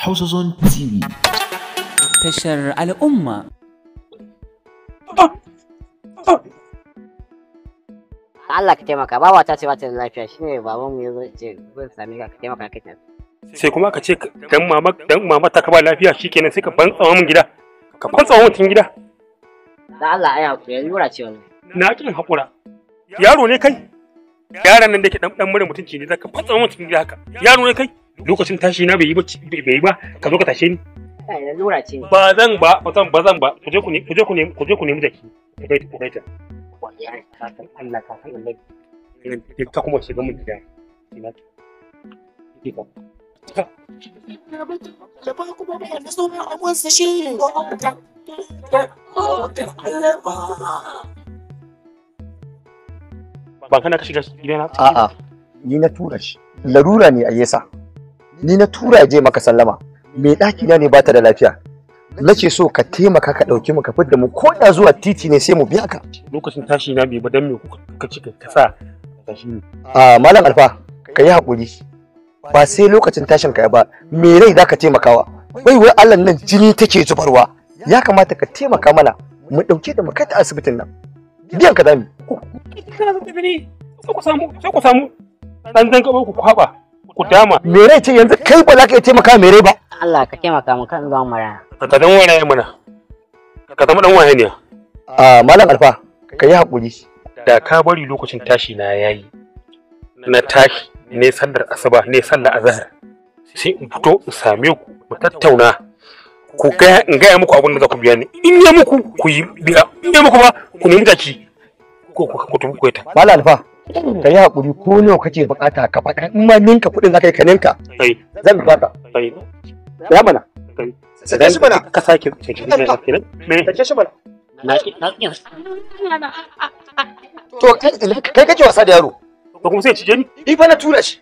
Hausa Zone TV. Tashar al'umma. Allah ka taimaka ba wata ce wata lafiya ne baban mu yazo ce zan sami ka taimaka ka tafi. Sai kuma ka ce dan mama dan mama ta ka ba lafiya shikenan sai ka fantsawa mun gida. Ka fantsawa mutum gida. Da Allah ai hakuri yanzu wura ce wannan. Na kin hakura. Yaro ne kai. yaron nan da ke dan dan murin mutunci ne zaka fantsawa mutum gida haka. Yaro ne kai. lokacin tashi na bai yi ba ka zo ka tashe ni ba zan ba ba zan ba zan ba ku je ku je ku nemi ku je ku nemi jaki ku kai ku kai ta wallahi ka san Allah ka san Allah ka kuma shiga mun gida ina ki ka da ba ku na ban kana ka shiga gidana a'a ni na tura shi larura ne a yasa ni na tura je maka sallama Me ɗaki na ne ba ta da lafiya na ce so ka taimaka ka dauki mu ka fidda mu ko da zuwa titi ne sai mu biya ka lokacin tashi na bai ba dan me kuka ci ka sa tashi ne a malam alfa ka yi hakuri. ba sai lokacin tashin ka ba me rai zaka taimakawa bai wai Allah nan jini take zubarwa ya kamata ka taimaka mana mu ɗauke da mu kai ta asibitin nan biyan ka dami sai ku samu sai ku samu dan dan ku kwaba kudama. dama mere ce yanzu kai ba za ka iya taimaka mere ba Allah ka taimaka mu kan zuwa mara ka dan wani mana ka zama dan wani ne a malam alfa ka yi hakuri da ka bari lokacin tashi na yayi na tashi ne sallar asuba ne sallar azhar sai in fito in same ku mu tattauna ku ga in ga muku abin da za ku biya ni in ya muku ku yi biya in ya muku ba ku nemi taki ko ku ku ta malam alfa ka yi haƙuri ko nawa kake bukata ka faɗa in ma ninka kuɗin zaka yi ka ninka zan baka ya mana sai shi bana ka sake sake shi mana to kai kake wasa da yaro Ba kuma sai cije ni ni fa na tura shi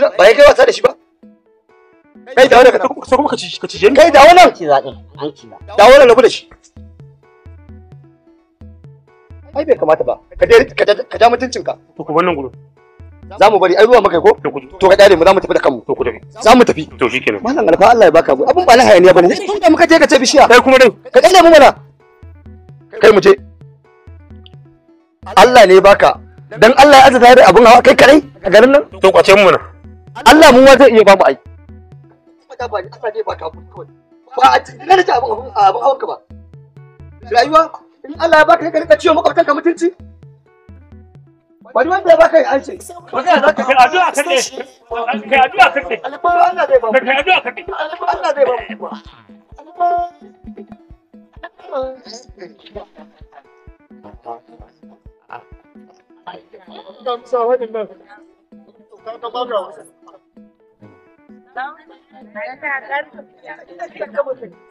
ba kai wasa da shi ba kai da wannan ka cije ni kai da wannan ki ci an da wannan na bude shi ai bai kamata ba ka je ka ja mutuncinka to ku wannan gudu za mu bari ai ruwa maka ko to ka dare mu za mu tafi da kanmu to ku tafi za mu tafi to shikenan mallan alfa Allah ya baka mu abun ba na hayaniya bane tun da muka je ka ce bishiya kai kuma dai ka dale mu mana kai mu je Allah ne baka dan Allah ya azata da abun hawa kai kadai a garin nan to kwace mu mana Allah mu ma zai iya ba mu ai ba a cikin ci abun hawa ka ba rayuwa in Allah ya baka ka rika ciwo makwabtanka mutunci wani wanda ya baka an ce ya zaka kai addu'a ka ne kai addu'a ka ne alƙawari Allah zai ba kai addu'a ka ne alƙawari Allah zai ba Ka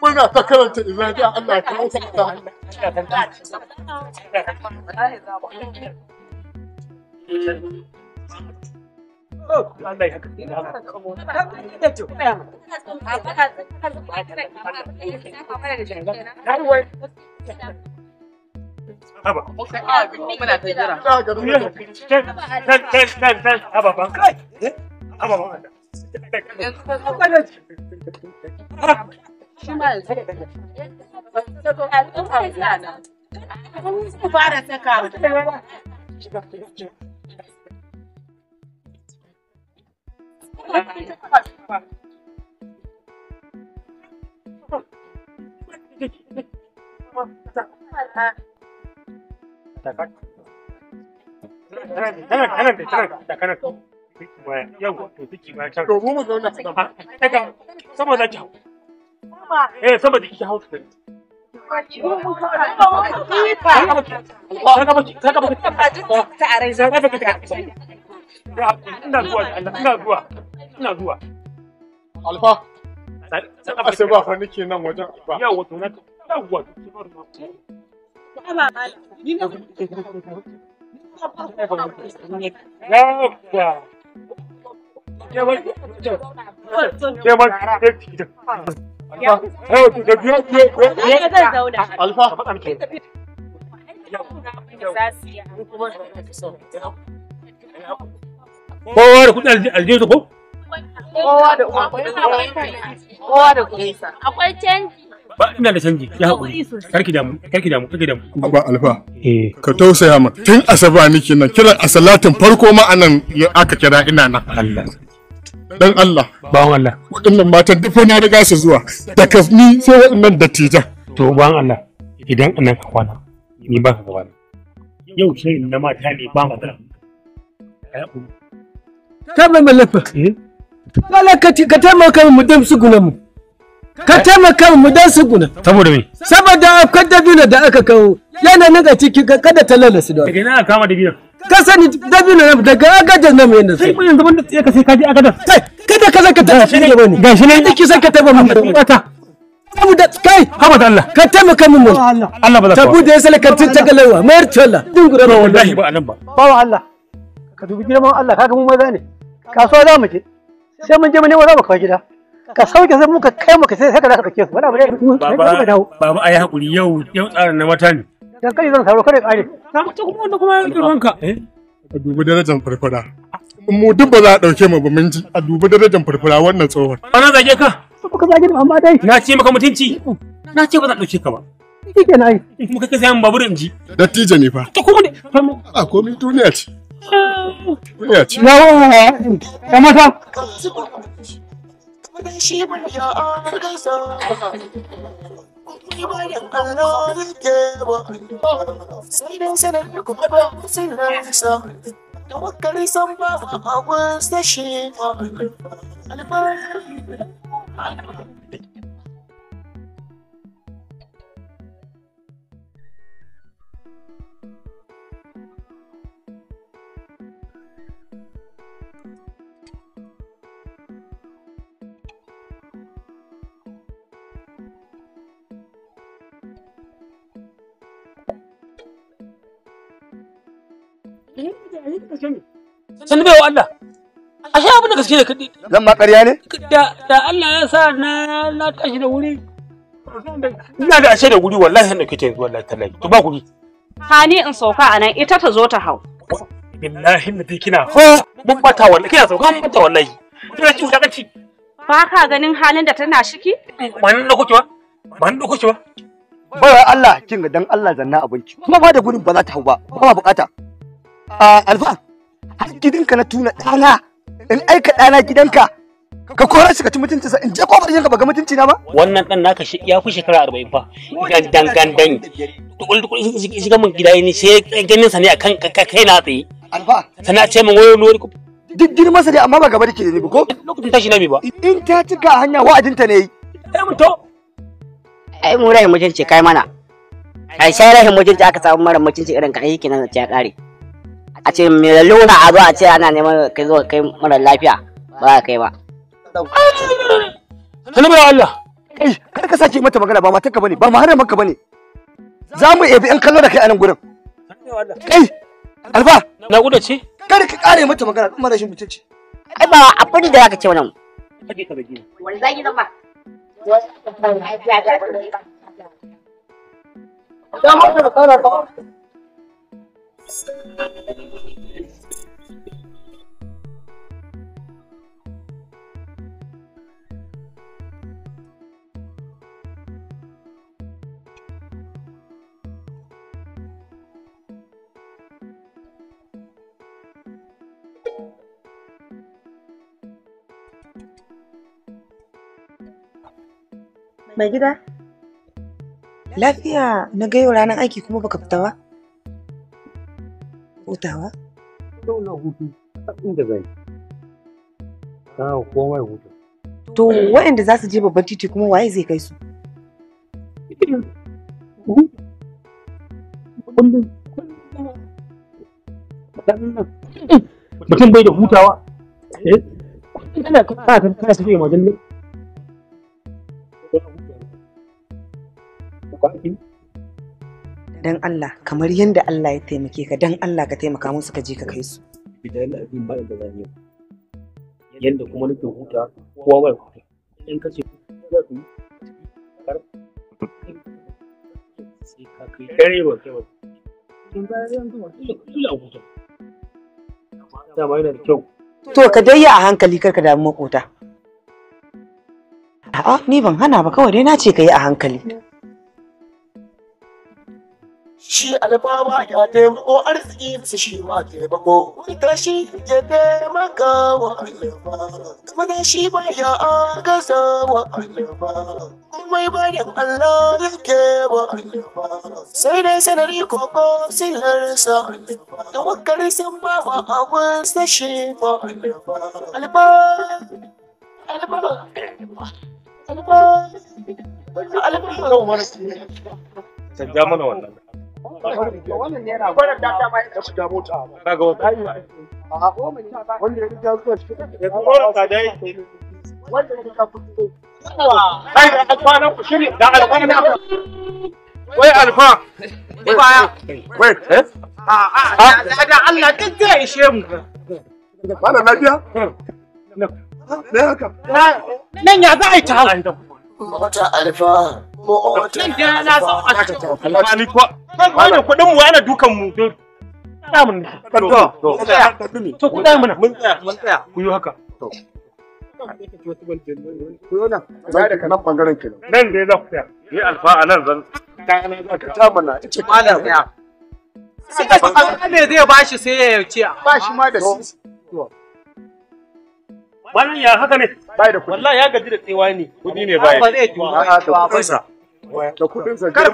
muna ta karanta izaki Allah ya ta ta shi ma yanzu da daga su fara saka Yau, da duk ba ta. To mu mu zauna. Daga, saboda kyau. Eh sama da hausa Ina zuwa, yawwa. Yawwa. Yawwa. Yawwa. Eh, da ke ya Alfa, ka Kowa da kuɗin aljihu ko? Kowa da Kowa da Akwai canji. Ba ina da canji, ya haƙuri. Karki damu, karki damu, karki damu. Abba Alfa, eh. ka tausaya ma. Tun asaba nake nan, kiran asalatin farko ma anan aka kira ina nan. Allah. dan Allah bawan Allah waɗannan matan duk na riga su zuwa da kafni sai waɗannan dattijan to bawan Allah idan anan ka kwana ni ba ka gaba yau shirin na mata ne ba magana ta mai malafa wala eh? ka taimaka mu dan su guna mu ka taimaka mu dan su guna saboda me saboda afkar dabino da aka kawo yana nan a ciki kada ta lalace da daga ina aka kama dabinon ka sani dabino na daga agadar na mai yanzu sai yanzu wanda tsaye ka sai ka je agadar kai kada ka zaka tafi ne bane gashi ne yake sai ka taba mun bata tabu da kai haba da Allah ka taimaka min mun Allah ba za ka tabu da yasa ka tinta galawa mayar tola dingura ba wallahi ba anan ba wa Allah ka dubi girman Allah kaga mu maza ne kasuwa za mu je sai mun je mu nemo za mu kawo gida ka sauke sai muka kai muka sai ka zaka dauke su wala ba ba ba ai hakuri yau yau tsarin na mata ne dankali zan sauro kada kare ta kuma wanda kuma ya eh? a dubi darajar farfara mu duk ba za a ɗauke mu ba mun ji a dubi darajar farfara wannan tsohon ana zage ka ka zage ni amma dai na ce maka mutunci na ce ba za a ka ba shi ke kuma ji dattijo ne fa ta kuma ne a ah, komai duniya ce duniya ce ya wa mata bayan gano ke, wa sai dai sanar da kuma ba sai na sa da wakari san ba a wasu shi alfarari sun bai wa Allah ashe abin da gaske ne kadi zan ma ƙarya ne da Allah ya sa na na tashi da wuri ina da ashe da wuri wallahi hannu kike yanzu wallahi tallahi to ba kuɗi hani in sauka a nan ita ta zo ta hau billahi na kina ho mun bata wallahi kina sauka mun bata wallahi kina ci wuta ci? ba ka ganin halin da tana shiki man da kuke ba man da kuke ba ba Allah kin ga dan Allah zanna abinci kuma ba da gurin ba za ta hau ba ba bukata alfa har gidanka na tuna dana in aika dana gidanka ka kora shi ka ci mutunci in je kofar gidanka ba ga mutunci na ba wannan dan naka shi ya fi shekara 40 fa ga gandan gandan tukul tukul shiga mun gida ne sai ganin sa ne akan kai na tsaye alfa sana ce mun wayo nori duk girman sa ne amma ba gaba da ne ba ko lokacin tashi na bi ba in ta cika hanya wa'adinta ne yi ai mun to ai mu rai mutunci kai mana ai sai rahin mutunci aka samu mara mutunci irin ka ai kenan ta ya kare a ce mai launa a zo a ce ana neman kai zo kai mara lafiya ba kai ba sanin bai Allah kai kar ka sake mata magana ba matarka bane ba maka bane za mu ebi in kallo da kai a nan gurin kai alfa na gudu ce kar ka kare mata magana kuma rashin mutunci ai ba abin da zaka ce wannan wani zaki zan ba Don haka da ba. Mai gida? Lafiya na ga ranar aiki kuma baka fita ba? hutawa? To na hutu, inda zai. Ta komai hutu. To waɗanda za su je babban titi kuma waye zai kai su? Mutum bai da hutawa. Eh? Kana kana kana su fiye majalle. Kwanaki? dan Allah kamar yadda Allah ya taimake ka dan Allah ka taimaka musu ka je ka kai su idan abin ba da zan yi yadda kuma nake huta kowa ba huta in ka ce za ku sai ka kai dare ba kai ba in ba zan zuwa kila huta dama yana da kyau to ka dai yi a hankali kar ka damu makota a'a ni ban hana ba kawai dai na ce ka yi a hankali shi alfawa ya taimako arziki su shi ma taimako wanda shi ya taimaka wa alfawa kuma shi ba ya agasa wa alfawa kuma ba ya Allah yake wa alfawa sai dai sanari ko ko sa da wakar san ba wa abin sa shi ba alfawa alfawa alfawa alfawa alfawa alfawa alfawa alfawa a wai alfa baya eh a a Allah duk zai ishe mu lafiya haka nan ya za a yi ta mota alfa mota alfa na san alfa ni ko kai kudin mu yana dukan mu da mun to to ku da mun mun tsaya mun tsaya ku yi haka to ku yi nan ba da kanan bangaren ki nan dai za ku tsaya alfa a nan zan ka ta mana ita ya sai ka ne zai bashi sai ya ce ba ma da sisi Malam ya haka ne? Bai da kuɗi. Wallahi ya gaji da tsewa ne. Kuɗi ne bai. da Da Kar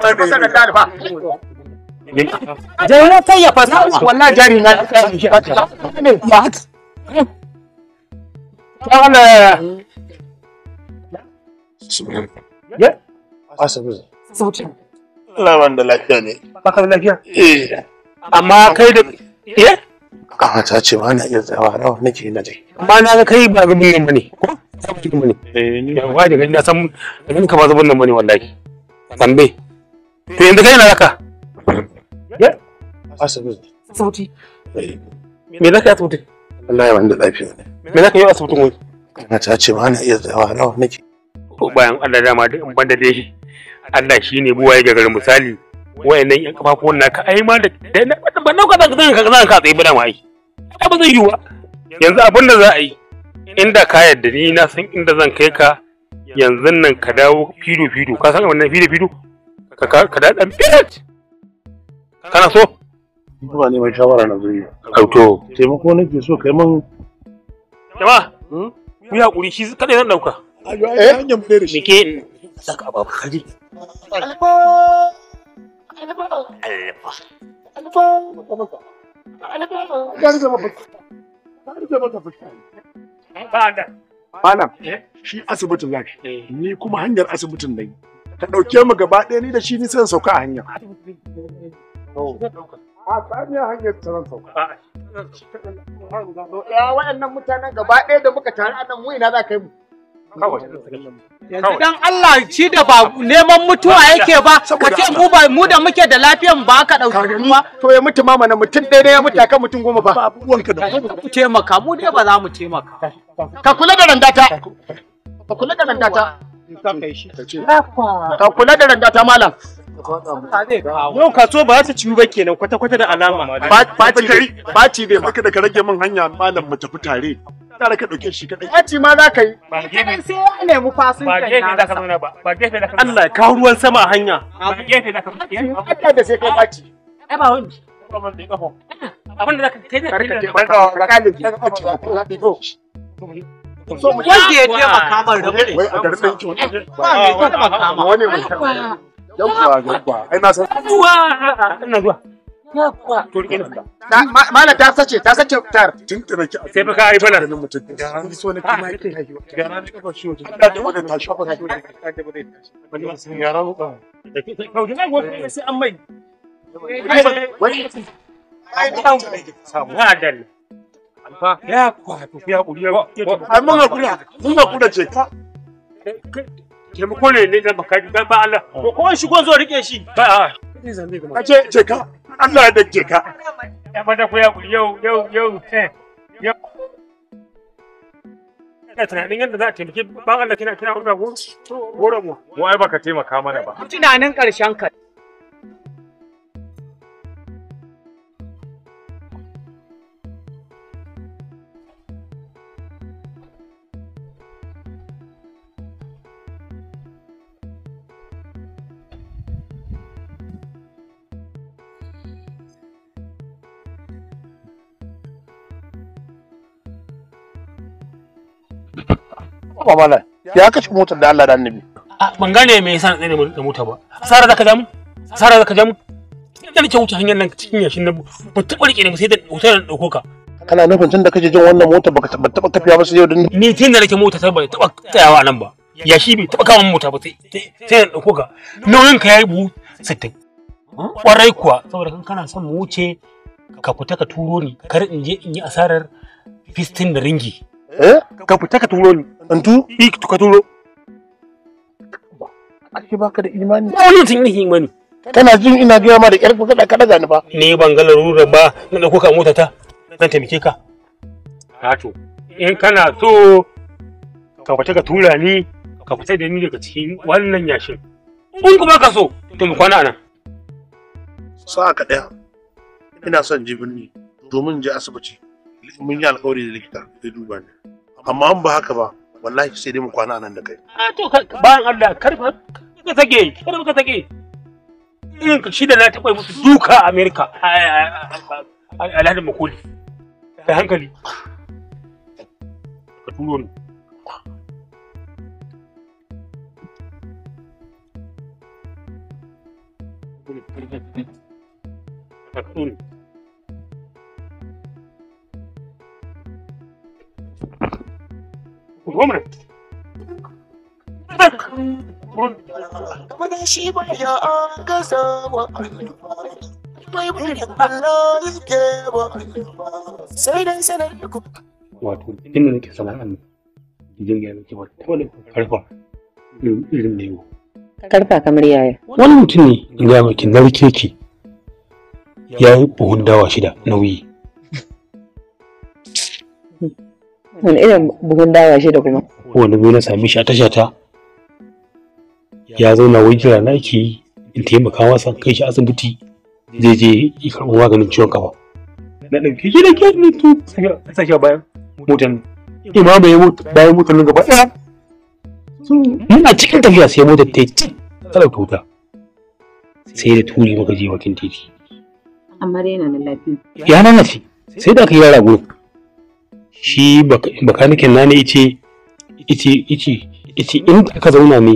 ka da Jari na ya fasa. Wallahi jari na Ne ba Ya. Asabi. lafiya ne. Baka lafiya? Eh. Amma kai da Eh? kamata ce ba na iya na wani ke na dai Ba na ga kai ba ga nan bane ko ba zubin bane eh ba da gani na san ganin ka ba zubin nan bane wallahi tambe to yanzu kai na zaka ya asibiti asibiti eh. me zaka yi asibiti wallahi ban da lafiya me zaka yi asibitin wai Kamata ce ba na iya na wani ke. ko bayan Allah dama da in ban da dai Allah shine buwaye ga garin misali wayannan yan kafafuwan naka ai ma da ba nauka zan zan zan ka tsaye bada ma ai ba zan yi wa yanzu abin da za a yi inda ka yadda ni na san inda zan kai ka yanzu nan ka dawo fido fido ka san wannan fido fido ka ka da dan filat kana so ba ne mai shawara na zuriya auto taimako nake so kai man jama'a hmm? ku ya kuri shi kadai nan dauka ayo ayo hanyar fere shi ke saka babu kaji Malam, eh? shi asibitin eh. ni kuma hanyar asibitin Ka ɗauke mu gaba ɗaya ni da shi ni sai sauka a hanya. Oh. A hanyar tsaron ah. waɗannan mutanen gaba ɗaya da muka tare a nan ina za ka yi mu. Yanzu dan Allah ci da ba neman mutuwa yake ba ka ce mu ba mu da muke da lafiyan ba ka dauki ruwa to ya mutu mama na mutum ɗaya ya mutu mutum goma ba da taimaka mu dai ba za mu taimaka ka kula da randata ka kula da randata ka kula da randata malam Yau kasuwa ba ta ciwu ba kenan kwata-kwata da alama. Ba ci bai maka rage min hanya malam mu tafi tare. ƙara ka dauke shi kadai. Aci ma za ka yi. Ba gefe. sai ya nemi fasin Ba gefe za ka ba. Ba gefe za ka Allah ya kawo ruwan sama a hanya. Ba gefe za ka Allah da sai kai ɓaci. Ai ba wani. Abin da za ka kai ne. ka ka ka So mu makamar da Wai a garin ki wani. Ba ne makama. Wani Ai na san. Ina zuwa. ya kuwa to rike nan malam ta sace ta sace tar tuntuna ki sai fa ka nan mutum so ne kuma haihuwa ga ran ka wajen da da wannan ta shafa ka yara da sai kauje na sai an mai wani ai alfa ya to ya ai mun mun ce ka ne da ba Allah ko ko zo rike shi ba a ce ce ka Allah da ke ka ya mata ku yau yau yau eh, yau ina tunanin yadda za a taimaki ban Allah kina kina wani goro mu mu ai baka taimaka mana ba tunanin karshen ka ba malam ya kace motar da Allah da annabi ban gane me yasa ne da mota ba sara zaka jamu sara zaka jamu inda nake wuce hanyar nan cikin yashin nan ba ta barke ne sai da hotel da dauko ka kana nufin tun da kake jin wannan mota baka taba taba tafiya ba sai yau din ni tun da nake mota sai ba taba tsayawa nan ba ya shi bai taba kama mota ba sai sai da dauko ka nauyin ka yayi buhu 60 kwarai kuwa saboda kan kana son mu wuce ka fita ka turo ni kar in je in yi asarar fistin da ringi eh ka fita ka turo ni in tu ik ka turo ashe baka da imani ko ne tun yi imani kana jin ina gaya ma da yar ka kada kada gani ba ne ban ga larurar ba na dauko ka mota ta zan taimake ka hato in kana so ka fita ka tura ni ka fita da ni daga cikin wannan yashin in kuma ka so to mu kwana nan sa'a ka daya ina son jibin ni domin je asibiti mun yi alƙawari da likita zai duba ni amma an ba haka ba wallahi sai dai mu kwana nan da kai a to bayan Allah karfa ka sake kar ka sake irin ka shi da na taɓa musu duka a Amerika alhadin makoli da hankali ka turo ni Thank you. ku zo mana shi ba da Wato, inda nake sana'an jin gaya nake ba ta wani karfa irin da yau. Karfa kamar yaya. Wani mutum ne in maki narke ki ya yi buhun dawa shida nauyi. wani irin bugun dawa shi da kuma wani zo na sami shi a tasha ta ya zauna wai jira na ake in taimaka masa kai shi asibiti zai je yi karɓar maganin ciwon kafa na ɗauke shi da kyau ne to sashe bayan motan imama ya mutu bayan motan nan gaba ɗaya muna cikin tafiya sai motar ta yi cik ta ɗauke wuta sai da turi maka je bakin titi amma dai yana da lafiya ya lalace sai da aka yi yara gurin shi bakanikin na ne ice ice ice ice in aka zauna ne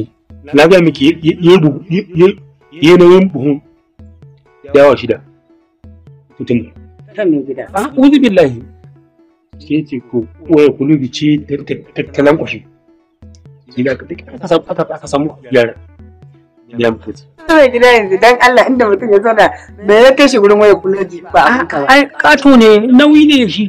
na ga miki yi nauyin buhun dawa shida mutum a ah, uzu billahi ke ce ko waya bi ce tattalan kwashe aka samu yara ya mutu kawai gida yanzu dan Allah inda mutum ya zauna me ya kai shi gurin waya kulubi ba ai kato ne nauyi ne shi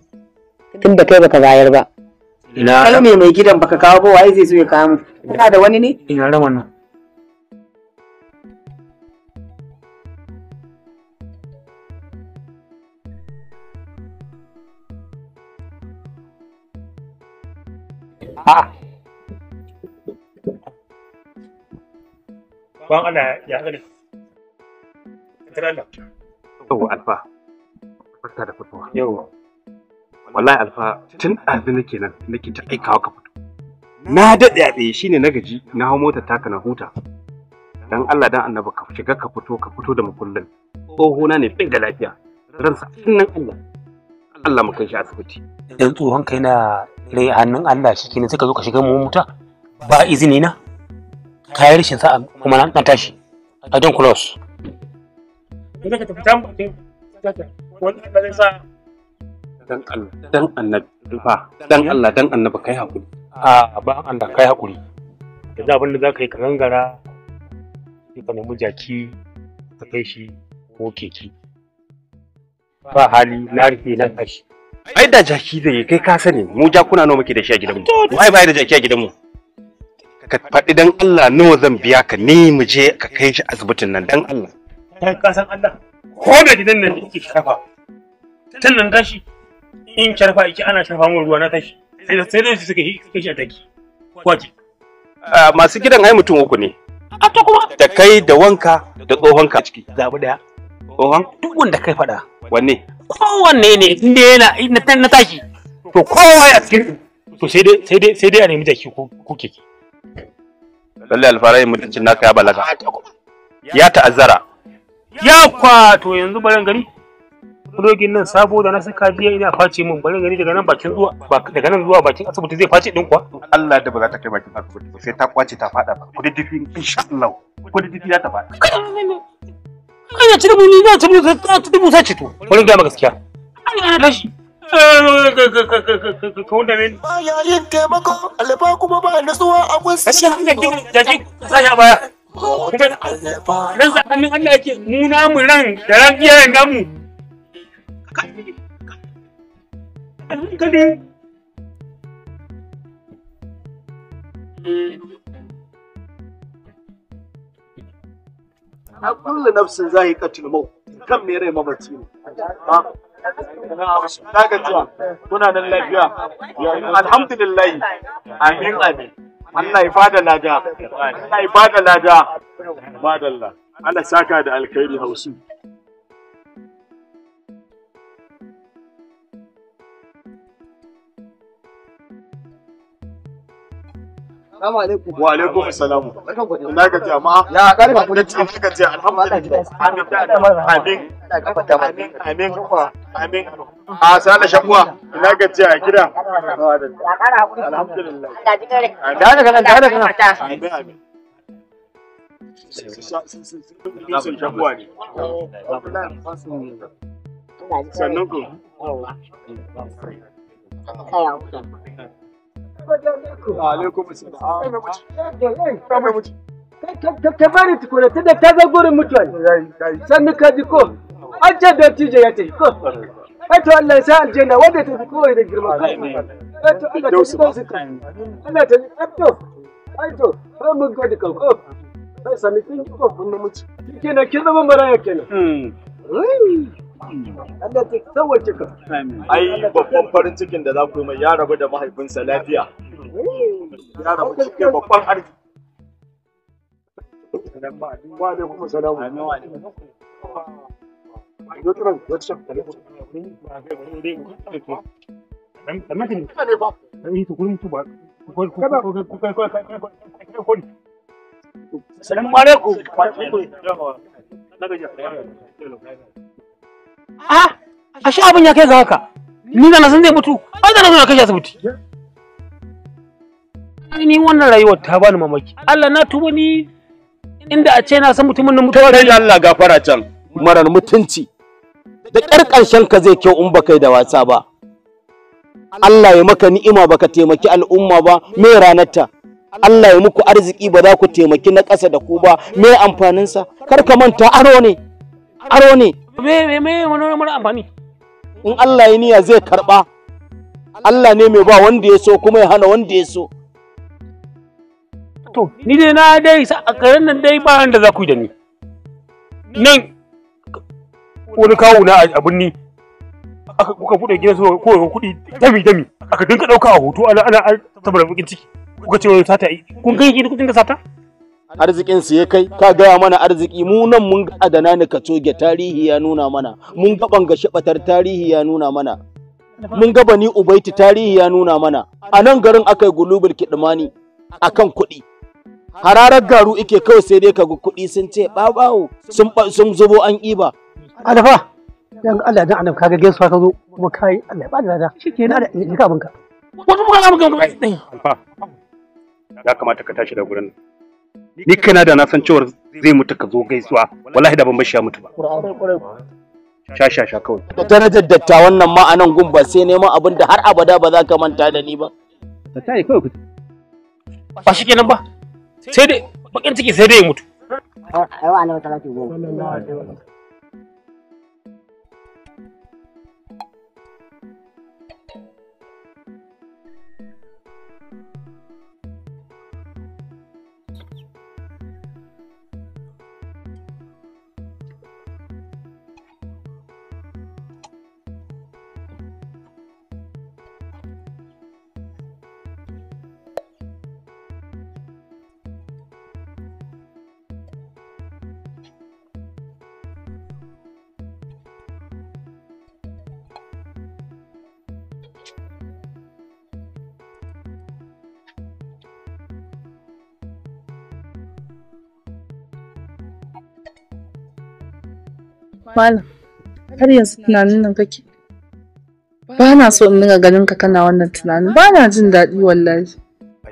tun da kai baka bayar ba ina kalme mai gidan baka kawo ba wai zai so ya kawo mu kana da wani ne ina rawan nan Kwan ah. ana ya gani. Tara da. Yau alfa. Barka da fitowa. Yau. wallahi alfa tun ɗazu nake nan nake ta aikawa ka fito na daɗe a tsaye shine na gaji na hau motar taka na huta dan Allah dan annabi ka shiga ka fito ka fito da mukullin tsoho na ne fin da lafiya ransa nan Allah Allah mu kai shi asibiti dan tsohon kai na rai hannun Allah shi kenan suka zo ka shiga mu muta ba izini na yi rashin sa'a kuma na tashi a don kulos. Ina ka tafi tambaye, wani ba zai sa dan Allah dan annabi fa dan Allah dan annabi kai hakuri a ba da kai hakuri yanzu abin da za ka yi ka gangara sai ka nemi jaki ka kai shi ko keke ba hali na rufe na kashi ai da jaki zai yi kai ka sani mu jakuna nawa muke da shi a gidanmu ai bai da jaki a gidanmu ka faɗi dan Allah nawa zan biya ka ni mu je ka kai shi asibitin nan dan Allah kai ka san Allah ko da gidan nan da kike kafa gashi in sharfa iki ana sharfa ruwa na tashi sai sai su yi gidan ai mutum uku ne a da kai da wanka da tsohon ka ciki zabi daya tsohon duk wanda kai fada wanne kowanne ne inda yana na tashi to kowa ya cikin to sai dai sai dai sai dai a nemi jaki ko keke lalle alfarai mutuncin naka ya balaga ya ta'azzara ya kwato yanzu barin gari dogin nan sabo da na saka jiya ina face mun bari gari daga nan bakin zuwa daga nan zuwa bakin asibiti zai face din kuwa Allah da ba za ta kai bakin asibiti ba sai ta kwace ta fada ba kudi dafi insha Allah kudi dafi za ta fada kana ci dubu ni ne ci dubu ta ci dubu ta ci to bari ga gaskiya Allah ya dashi ka wanda min ba ya yin taimako alfa kuma ba nutsuwa a gun sai hankali jaji sai ya baya kuma nan zakanin Allah yake mu namu ran da ran iyayen namu A kulle nafsin zahi katil mau, kan ne rai mabarci ne. Na gajiya, kuna nan lafiya. Alhamdulillahi, amin amin. Allah ya bada lada, Allah ya bada lada. Madalla. Allah saka da alkhairi hausu. Assalamu alaikum. Wa alaikum Ina ga jama'a. Ya karfa ku da ci. Ina alhamdulillah. Amin. Amin. Amin. Amin. A Ina ga ji a gida. Alhamdulillah. Da da da kana. Amin. Amin. Sannan ku. alaikum ka bari tukuna ta da ta zo gurin sannu ka ji ko an ce don tije ya ce ko wato Allah ya sa aljanna wanda ta fi kowai da girma ko wato Allah ta fito su Allah ta fito wato ba mu gode ka ko sai sami kin ko kun mu ci kenan kin zama maraya kenan hmm. Ai babban farin cikin da za ku yi mai ya rabu da mahaifinsa lafiya. Eh. Ya rabu cikin babban arziki. alaikum. a ashe abin ya kai ga haka ni da na san zai mutu ai da na zo kai shi asibiti ni wannan rayuwar ta bani mamaki Allah na tuba ni inda a ce na san mutumin nan mutuwa kai Allah gafara can marar mutunci da ƙar ƙarshen ka zai kyau in ba kai da wasa ba Allah ya maka ni'ima baka taimaki al'umma ba me ranarta Allah ya muku arziki ba za ku taimaki na ƙasa da ku ba me amfaninsa kar ka manta aro ne aro ne Me me wani mara amfani. In Allah ya niyya zai karɓa. Allah ne mai ba wanda ya so kuma ya hana wanda ya so. To, ni dai na dai a karen nan dai ba wanda za ku yi da ni. Nan wani kawo na abin ni aka kuka buɗe gidan su ko kuɗi dami dami aka dinka ɗauka a hoto ana ana saboda bakin ciki kuka ce wani sata kun kai kuɗin ka sata? arzikin su ya kai ka gaya mana arziki mu nan mun ga adana ni coge, tarihi ya nuna mana mun ga bangashe batar tarihi ya nuna mana mun ga bani ubaiti tarihi ya nuna mana a nan garin akai gulubul kidmani akan kuɗi hararar garu ike kawai sai dai kaga kuɗi sun ce babawo sun sun zubo an iba alfa dan Allah dan annabi kaga gaisuwa ka zo kuma kai Allah ba da da shikenan da ni ka abinka wato mu ga mun ga alfa ya kamata ka tashi da gurin ni kana da na san cewar zai mutu ka zo gaisuwa wallahi da ban bashi ya mutu ba sha sha sha kawai da da dattawan wannan ma anan gun ba sai neman abin da har abada ba za ka manta da ni ba ta tare kawai kuce ba shi kenan ba sai dai bakin ciki sai dai ya mutu Malam, har yanzu tunanin nan kake. Ba na so in dinga ganin ka kana wannan tunanin. Ba na jin daɗi wallahi.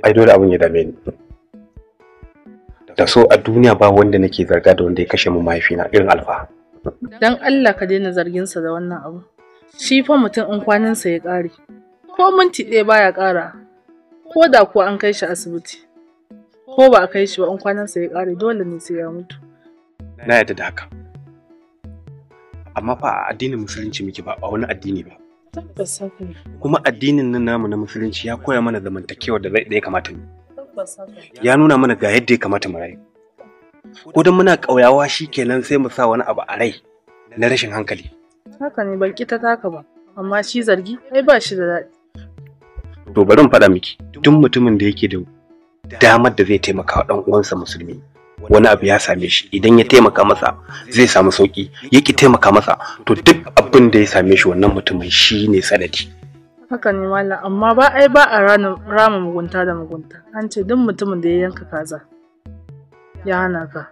Ai dole abin ya dame ni. Da so a duniya ba wanda nake zarga da wanda ya kashe mu mahaifina irin alfa. Dan Allah ka daina zargin sa da wannan abu. Shi fa mutum in kwanansa ya ƙare. Ko minti ɗaya baya ƙara. Ko da kuwa an kai shi asibiti. Ko ba a kai shi ba in kwanansa ya ƙare dole ne sai ya mutu. Na yadda da haka. amma fa a addinin musulunci muke ba a wani addini ba kuma addinin nan namu na musulunci ya koya mana zamantakewar da ya kamata mu ya nuna mana ga yadda ya kamata mu rayu ko dan muna kauyawa shikenan sai mu sa wani abu a rai na rashin hankali haka ne ban kita taka ba amma shi zargi ai ba shi da daɗi to bari mu faɗa miki duk mutumin da yake da damar da zai taimaka wa ɗan uwansa musulmi wani abu ya same shi idan ya taimaka masa zai samu sauki ya ki taimaka masa to duk abin da ya same shi wannan mutumin shi ne sanadi haka ne mala amma ba ai ba a rama mugunta da mugunta an ce duk mutumin da ya yanka kaza ya hana ka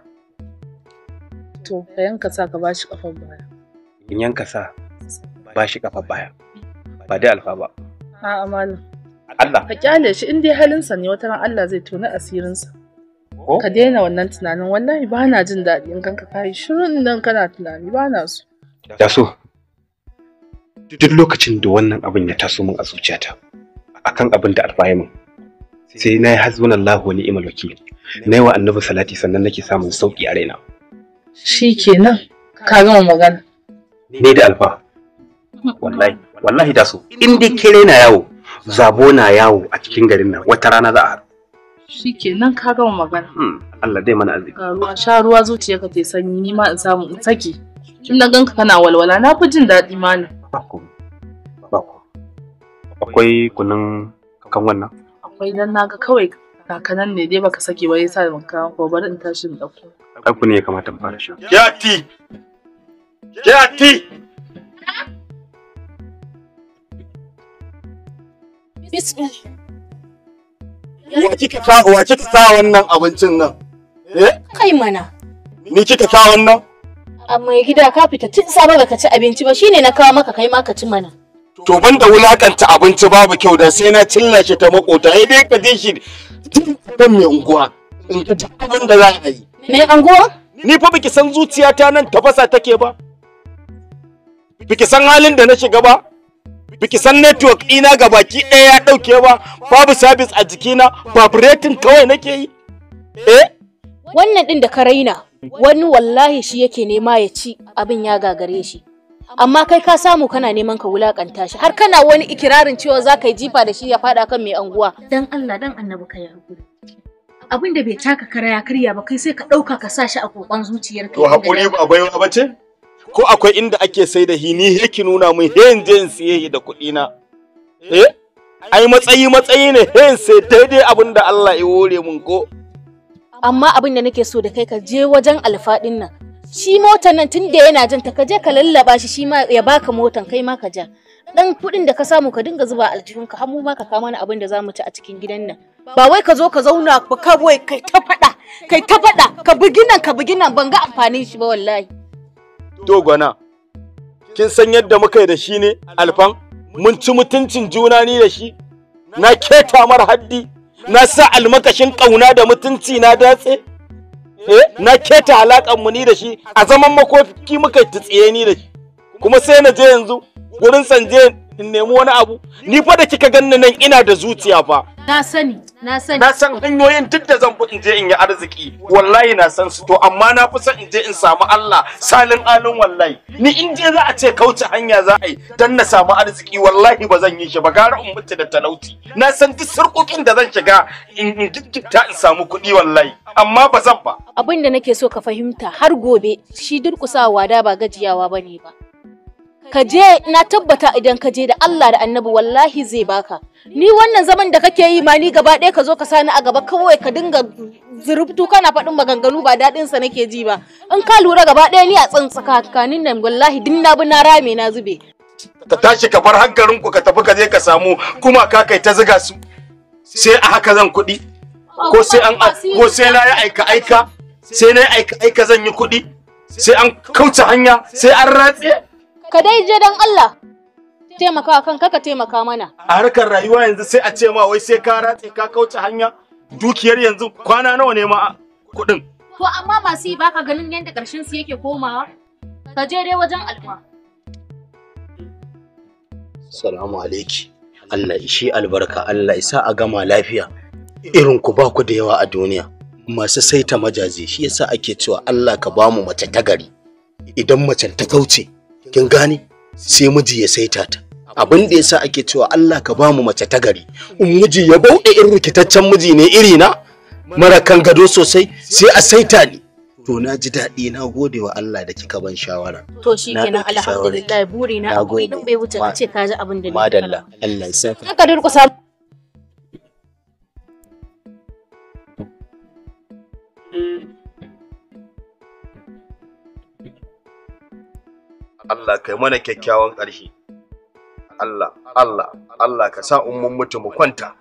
to ka yanka sa ka bashi kafar baya in yanka sa bashi kafar baya ba dai alfa ba a'a mala Allah ka kyale shi in dai halinsa ne wata ran Allah zai tona asirinsa ko ka daina wannan tunanin wallahi ba na jin daɗi in kanka kai shirin nan kana tunani ba na so da so duk lokacin da wannan abin ya taso min a zuciyata akan abin da alfaye min sai na yi hasbun Allah wa ni'mal wakil na yi wa annabi salati sannan nake samun sauki a raina shikenan ka gama magana ne da alfa wallahi wallahi da so in dai kire na yawo zabo na yawo a cikin garin nan wata rana za a haɗu shi nan ka gama magana hmm, Allah dai mana arziki ruwa sha ruwa zuciya ka ta sanyi ni ma in samu in saki in na ganka kana walwala na fi jin daɗi ma ni ba ku akwai kunun kan wannan akwai dan naga kawai kakanan ne dai baka saki wai yasa ban kawo ko bari in tashi in dauko ku ne ya kamata in fara sha Ya ti. Bismillah. Wa kika sa wannan abincin nan? Eh? Kai mana. Ni kika sa wannan? mai gida ka fita tun safe baka ci abinci ba shine na kawo maka kai ma ka ci mana. To ban da wulakanta abinci babu kyau da sai na cilla shi ta makota Ai dai ka je shi Dan kan mai unguwa in ka ci abin da za a yi. Mai unguwa? Ni fa biki san zuciyata nan tafasa take ba. Biki san halin da na shiga ba. Bikisan san network ɗina ga baki ɗaya ya ɗauke ba babu service a jikina rating kawai nake yi eh wannan ɗin da ka raina wani wallahi shi yake nema ya ci abin ya gagare shi amma kai ka samu kana neman ka wulakanta shi har kana wani ikirarin cewa za ka yi jifa da shi ya faɗa kan mai anguwa dan Allah dan annabi ka ya abin da bai taka kara ya karya ba kai sai ka ɗauka ka sa shi a kokon zuciyarka to hakuri ba baiwa ba ce ko akwai inda ake sai da hini ni ki nuna min hen jen je da kuɗi na eh ai matsayi matsayi ne hen sai daidai abin da Allah ya hore mun ko amma abin da nake so da kai ka je wajen alfadin nan shi motar nan tun da yana jin ta ka je ka lallaba shi shi ma ya baka motan kai ma ka ja dan kuɗin da ka samu ka dinga zuba aljihun ka har mu ma ka kama mana abin da za mu ci a cikin gidan nan ba wai ka zo ka zauna ka kawai kai ta faɗa kai ta faɗa ka bugi nan ka bugi nan ban ga amfanin shi ba wallahi dogona kin san yadda muka yi da shi ne alfan mun ci mutuncin juna ni da shi na keta mar haddi na sa almakashin kauna da mutunci na datse eh na keta alakan mu ni da shi a zaman makoki muka tsiye ni da shi kuma sai na je yanzu gurin sanje in nemi wani abu ni fa da kika ganni nan ina da zuciya fa Na sani, na sani. Na san hanyoyin duk da zan bi in je in yi arziki, wallahi na san su to amma na fi son in je in samu Allah salin alin wallahi. Ni in je za a ce kauce hanya za a yi dan na samu arziki wallahi ba zan yi shi ba gara in mutu da talauci. Na san duk surkukin da zan shiga in jikkita in samu kuɗi wallahi amma ba zan ba. Abin da nake so ka fahimta har gobe shi durƙusawa da ba gajiyawa bane ba. ka je na tabbata idan ka je da Allah da annabi wallahi zai baka ni wannan zaman da kake yi ma ni gaba ɗaya ka zo ka sani a gaba kawai ka dinga zurubtu kana faɗin maganganu ba daɗin sa nake ji ba in ka lura gaba ɗaya ni a kanin nan wallahi din na bi na rame na zube ta tashi ka bar hankalin ku ka tafi ka je ka samu kuma ka kai ta ziga su sai a haka zan kuɗi ko sai an ko sai na yi aika aika sai na aika aika zan yi kuɗi sai an kauce hanya sai an ratse Ka dai je don Allah. Taimaka kanka ka taimaka mana. A harkar rayuwa yanzu sai a ce ma wai sai ka ratse ka kauce hanya dukiyar yanzu kwana nawa ne ma kuɗin. To amma masu yi baka ganin yadda ƙarshen su yake komawa? Ka je dai wajen alma. Salamu alaiki. Allah ishi albarka Allah isa a gama lafiya. Irin ku ba ku da yawa a duniya. Masu saita majazi shi yasa ake cewa Allah ka bamu mace ta gari. Idan mace ta kauce kin gane sai miji ya saita ta abin da yasa ake cewa Allah ka bamu mace ta gari in miji ya bauɗe irin rikitaccen miji ne iri na mara kan gado sosai sai a saita ni to na ji daɗi na gode wa Allah da kika ban shawara to shikenan alhamdulillah buri na akwai dan bai wuce kace ka ji abin da madalla Allah ya saka ka durƙusa Allah kai mana kyakkyawan ƙarshe Allah Allah Allah ka sa umman mutu mu kwanta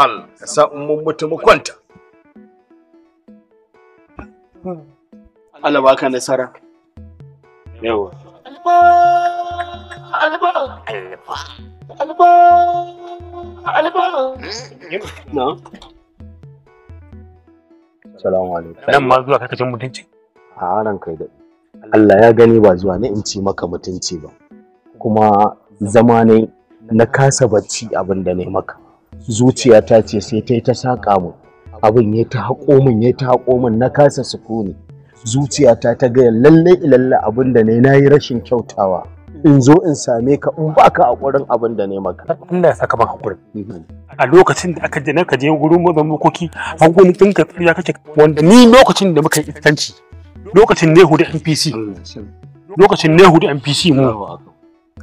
Allah ka sa umman mutu mu kwanta Allah baka nasara yawa alba alba alba alba alba na Salamu alaikum. Nan ma zuwa kakacin mutunci. A ran kai daɗi. Allah ya gani ba zuwa na in ce maka mutunci ba kuma zama ne na kasa bacci abin da ne maka ta ce sai ta yi ta saƙa mu abin ya ta haƙo min ya ta haƙo min na kasa sukuni Zuciya ta gaya lalle ilalla abin da ne na yi rashin kyautawa in zo in same ka in baka haƙurin abin da ne maka Allah ya saka maka haƙurin a lokacin da aka je na ka je gurin mazan makoki an gwamnatin ka tsariya kake wanda ni lokacin da muka yi istanci lokacin nehu da mpc lokacin nehu da mpc mu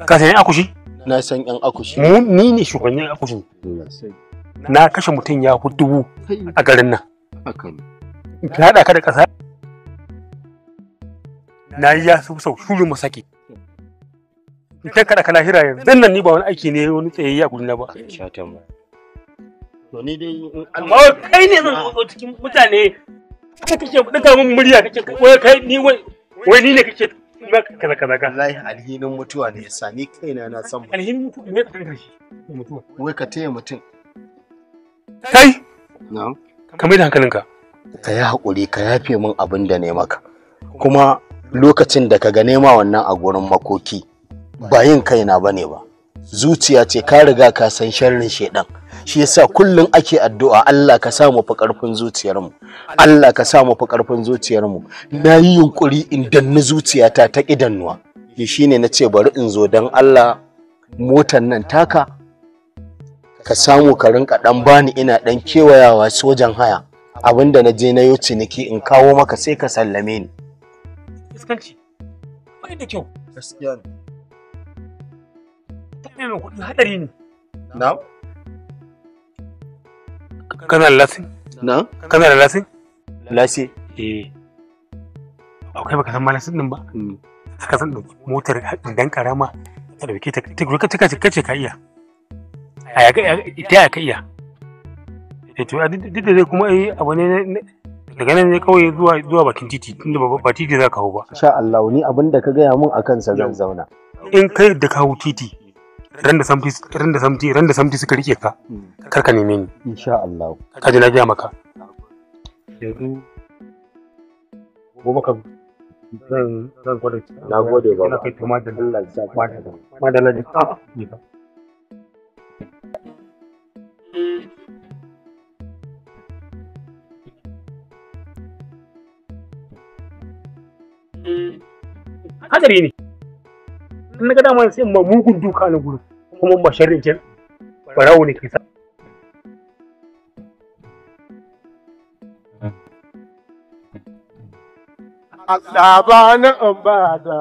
ka san akushi na san yan akushi mu ni ne shugaban yan akushi na kashe mutum ya fi dubu a garin nan ka haɗa ka da ƙasa na yi ya su sau shuri masaki ita kada kana hira yanzu nan ni ba wani aiki ne wani tsayayya na ba amma kai ne zan zo cikin mutane ka kake duka min murya kake kai ni wai wai ni ne kake kaza kaza ka wallahi alhinin mutuwa ne yasa ni kaina na san alhinin mutuwa ne ka mutuwa wai ka taya mutum kai na'am ka mai da hankalinka ka yi haƙuri ka yafe min abin da ne maka kuma lokacin da ka ga nema wannan a gurin makoki ba yin kaina ba ne ba zuciya ce ka riga ka san sharrin shedan shi yasa kullum ake addu'a Allah ka sa mu fi karfin zuciyarmu Allah ka sa mu fi karfin zuciyarmu na yi yunkuri in danni zuciyata ta kidannuwa shi shine na ce bari in zo dan Allah motan nan taka ka samu ka rinka dan bani ina dan kewayawa sojan haya abinda na je na yo ciniki in kawo maka sai ka sallame ni fuskanci bai da kyau gaskiya ne kuɗi hadari ne na'am Kana da lasin? Na? Kana da lasin? Lasi. Eh. Akwai baka san malasin din ba? Mm. Suka san da motar dan karama ta dauke ta ta ta kace ka iya. A ya ka iya. Eh to duk da kuma eh abu ne daga nan ne kawai zuwa zuwa bakin titi tunda ba titi za ka hau ba. Sha Allah ni abin da ka gaya mun akan sa zan zauna. In kai da ka titi ran samti ran samti ran samti suka rike ka kar ka neme ni insha Allah ka ji na gaya maka yanzu gobe ka zan zan gode na gode ba ina kai kuma da Allah ya kwa da ma da Allah ka ni ba hadari ne daman sai ma mugun duka na gurin kuma ba sharrin kin barawo ne ke sa labanin in ba da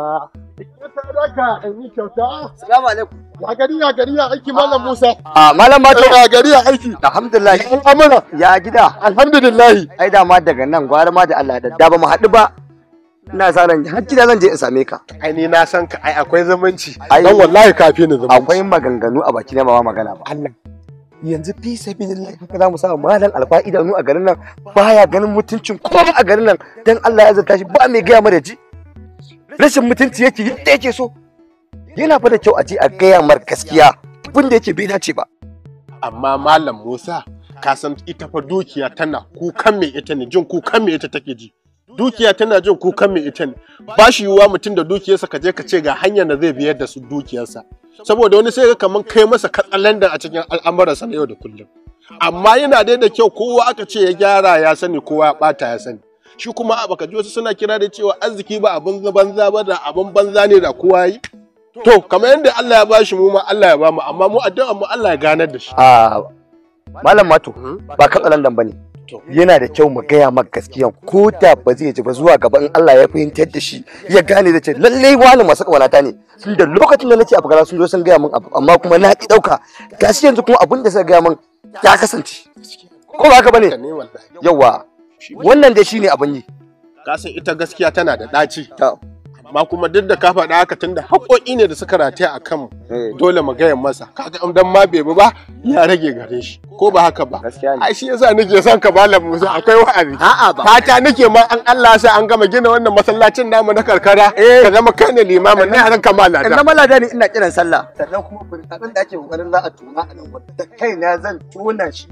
sadaka kyauta. Salamu alaikum. Ya gari ya gari ya aiki Malam Musa. A ah, Malam Mato. a gari ya aiki. Alhamdulillah. Ya Ya gida. Alhamdulillah. Ai da ma daga nan gwara ma da Allah da da ba mu haɗu ba ina sa ran har gida zan je in same ka ai ni na san ka ai akwai zamanci dan wallahi kafi ni zamanci akwai maganganu a baki ne ba magana ba Allah yanzu fi ka haka zamu sa malam alfa'ida idanu a garin nan baya ganin mutuncin kowa a garin nan dan Allah ya zata shi ba mai gaya mara ji rashin mutunci yake yadda yake so yana fa da kyau a ce a gaya mar gaskiya abin da yake bai dace ba amma malam Musa ka san ita fa dukiya tana kukan mai ita ne jin kukan mai ita take ji dukiya tana jin kukan mai ita ne ba shi yiwuwa mutum da dukiyarsa ka je ka ce ga hanyar da zai biyar da su dukiyarsa saboda wani sai ga kamar kai masa katsalandan a cikin al'amuransa na yau da kullum amma yana dai da kyau kowa aka ce ya gyara ya sani kowa ya bata ya sani shi kuma a baka wasu suna kira da cewa arziki ba abin banza ba da abin banza ne da kowa yi to kamar yadda Allah ya bashi mu ma Allah ya bamu amma mu addu'a mu Allah ya ganar da shi a ah, malam mato hmm? ba katsalandan bane yana da kyau mu gaya maka gaskiya ko da ba zai ji ba zuwa gaba in Allah ya fahimtar da shi ya gane da ce lallai wani masu kawalata ne sun da lokacin da nake abu sun zo sun gaya min amma kuma na ki dauka gashi yanzu kuma abin da suka gaya min ya kasance ko ba haka bane yawa wannan da shine abin yi ka ita gaskiya tana da daci Ma kuma duk da ka faɗa haka tun da? haƙoƙi ne da suka rataya a kan eh. dole mu gayan masa kaga dan ma bai bi ba ya rage gare shi ko ba haka ba a shi yasa nake son ka bala Musa akwai wa'azi a'a ba fata nake ma an Allah sai an gama gina wannan masallacin namu na karkara eh. ka zama kai ne limamin ne har ka malada ina malada ne ina kiran sallah sannan kuma abin da ake kokarin za a tona a nan da kaina zan tona shi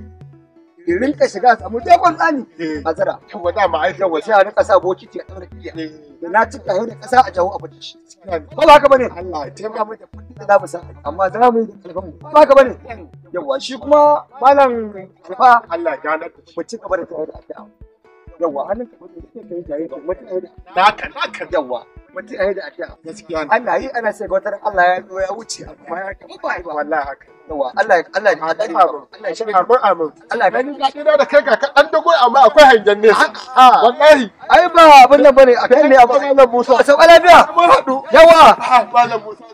in rinka shiga samu dogon tsani eh. a zara yawa da ma aisha wa sai rinka sa bokiti a tsara iya eh. da na cika kasa a jawo shi ko ba ka bane Allah ya taimaka mu da kudi da zamu sa amma za mu yi da mu ba haka bane shi kuma malam alfa Allah ya gana mu ci gaba da da hannun ka da kai da mutum da gaskiya Allah yi ana sai Allah ya zo ya wuce ya kaba ba wallahi haka yawa Allah Allah ya dace Allah shi amin amin Allah ya dace da kai ga an dago amma akwai hangen ne wallahi ai ba abin nan bane akan ne abin nan Musa sau alabiya mun hadu yawa malam Musa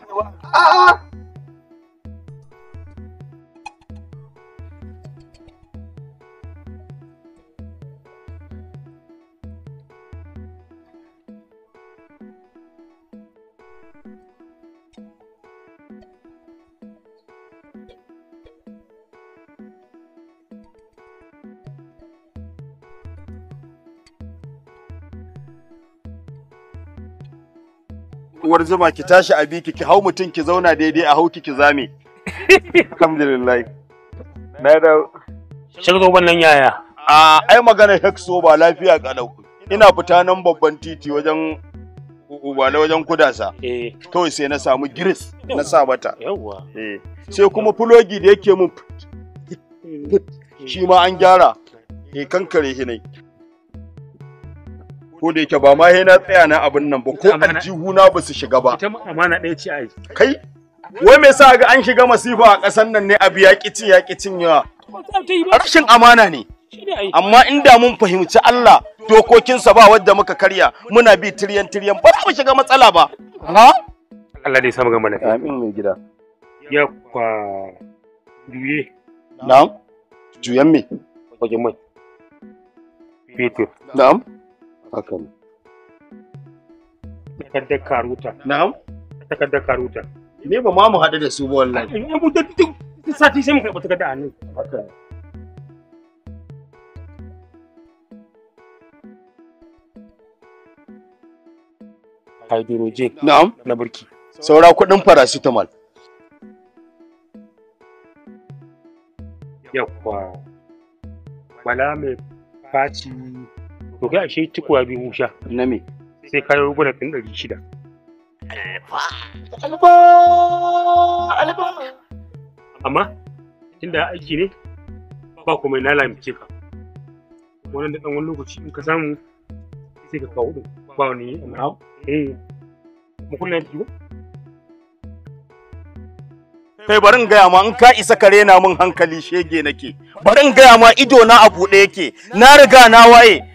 uwar zuma ki tashi a biki ki hau mutum ki zauna daidai a hau ki zame alhamdulillah na da shirgo wannan yaya a ai magana so ba lafiya kalau ina fita nan babban titi wajen ubala wajen kudasa eh. kawai sai na samu giris na sa mata eh. sai kuma fulogi da yake mun shi ma an gyara kankare shi ne ko da yake ba ma na tsaya na abin nan ba ko aljihuna ba su shiga ba ita amana ɗaya ce ai kai wai me yasa ga an shiga masifa a ƙasar nan ne abu ya kici ya kicin yawa rashin amana ne amma inda mun fahimci Allah dokokinsa ba wadda muka karya muna bi tiryan tiryan ba mu shiga matsala ba ha Allah dai samu gama lafiya amin mai gida ya kwa juye na'am juyan me wajen mai Peter na'am hakan takardar karuta na'am takardar karuta ne ba ma mu da su ba wallahi da duk sati sai mu karɓi takardar haka hydrogen na'am na burki saura kuɗin paracetamol yawwa bala mai faci to kai ashe tukuwa biyu sha na me sai ka yi gwada ɗin ɗari shida alfa alfa alfa amma inda aiki ne ba komai na lamice ka wannan da ɗan wani lokaci in ka samu sai ka kawo ɗin ba wani amma eh mu kullum ya ba kai barin in gaya ma in ka isa ka rena min hankali shege nake barin in gaya ma ido na a buɗe yake na riga na waye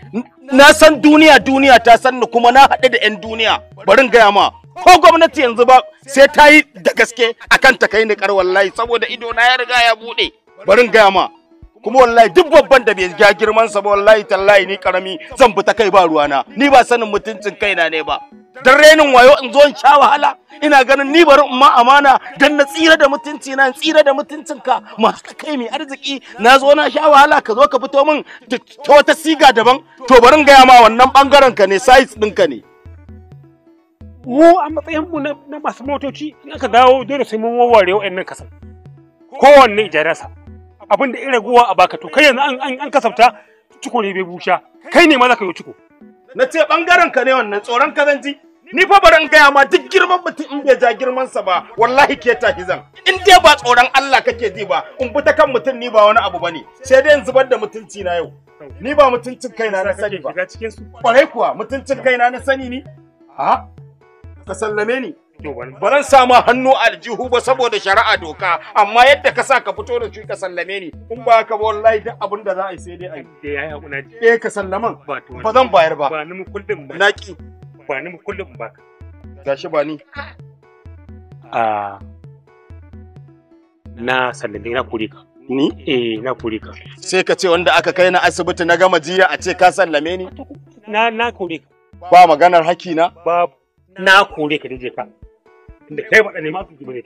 na san duniya duniya ta san ni kuma na haɗu da 'yan duniya barin gaya ma ko gwamnati yanzu ba sai ta yi da gaske akan ta kai ni kar wallahi saboda ido na ya riga ya buɗe barin gaya ma kuma wallahi duk babban da bai ga girman sa ba wallahi tallahi ni karami zan fita kai ba ruwana ni ba sanin mutuncin kaina ne ba dan renin wayo in zo in sha wahala ina ganin ni bari in ma amana dan na tsira da mutunci na tsira da mutuncinka masu kai mai arziki na zo na sha wahala ka zo ka fito min ta wata siga daban to bari in gaya ma wannan bangaren ka ne size ɗinka ne mu a matsayin mu na masu motoci in aka dawo dole sai mun warware wa'annan kasam kowanne ijararsa abinda ira guwa a baka to kai yanzu an kasafta ciko ne bai busha kai ne ma za ka yi ciko na ce bangaren ka ne wannan tsoron ka zan ji ni fa bari in gaya ma duk girman mutum in bai ja girman sa ba wallahi ke ta hizan. in dai ba tsoron Allah kake ji ba in bi ta kan mutum ni ba wani abu bane sai dai in zubar da mutunci na yau ni ba mutuncin kaina na sani ba kwarai kuwa mutuncin kaina na sani ni a ka sallame ni baran zan samu hannu aljihu ba saboda shari'a doka amma yadda ka sa ka fito da shi ka sallame ni in ba ka ba wallahi duk abin da za a yi sai dai a yi eh ka sallaman ba zan bayar ba ba ni kullum ba naki amfani mu kullum ba Ga shi ba ni a na sallade na kuri ka ni eh na kuri ka sai ka ce wanda aka kai na asibiti na gama jiya a ce ka sallame ni na na kuri ka ba maganar haki na ba na kuri ka dije ka da kai ba da neman su ne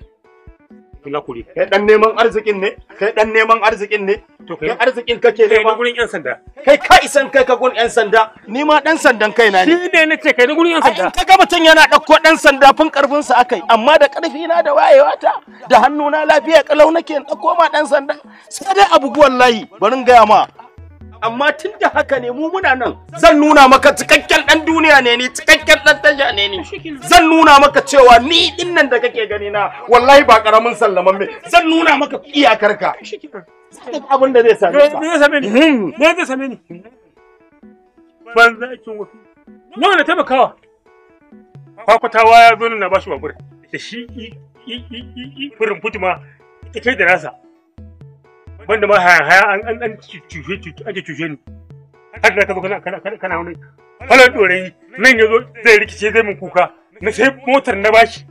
lakuri kai dan neman arzikin ne kai dan neman arzikin ne to kai eh. arzikin kake ne ba gurin yan sanda kai ka isan kai ka gurin yan sanda ni ma dan sandan kai na ne shi ne nace kai gurin yan sanda ka ga mutun yana dauko dan sanda fin karfin sa akai amma da karfi na da wayewa ta da hannuna lafiya kalau nake dauko ma dan sanda sai dai abu wallahi barin ga ma amma tun da haka ne mu muna nan zan nuna maka cikakken dan duniya ne ni cikakken dan tasha ne ni zan nuna maka cewa ni din nan da kake gani na wallahi ba karamin sallaman me zan nuna maka iyakar ka abin da zai same ni zai same ni ne zai same ni ban za ki wasu wannan taimakawa kwakwatawa ya zo na bashi babur da shi furin futuma ita kai da nasa banda ma haya haya an an cuce cuce ake cuce ni har da ka zo kana kana kana wani falon dorayi nan yazo zai rikice zai mun kuka na sai motar na bashi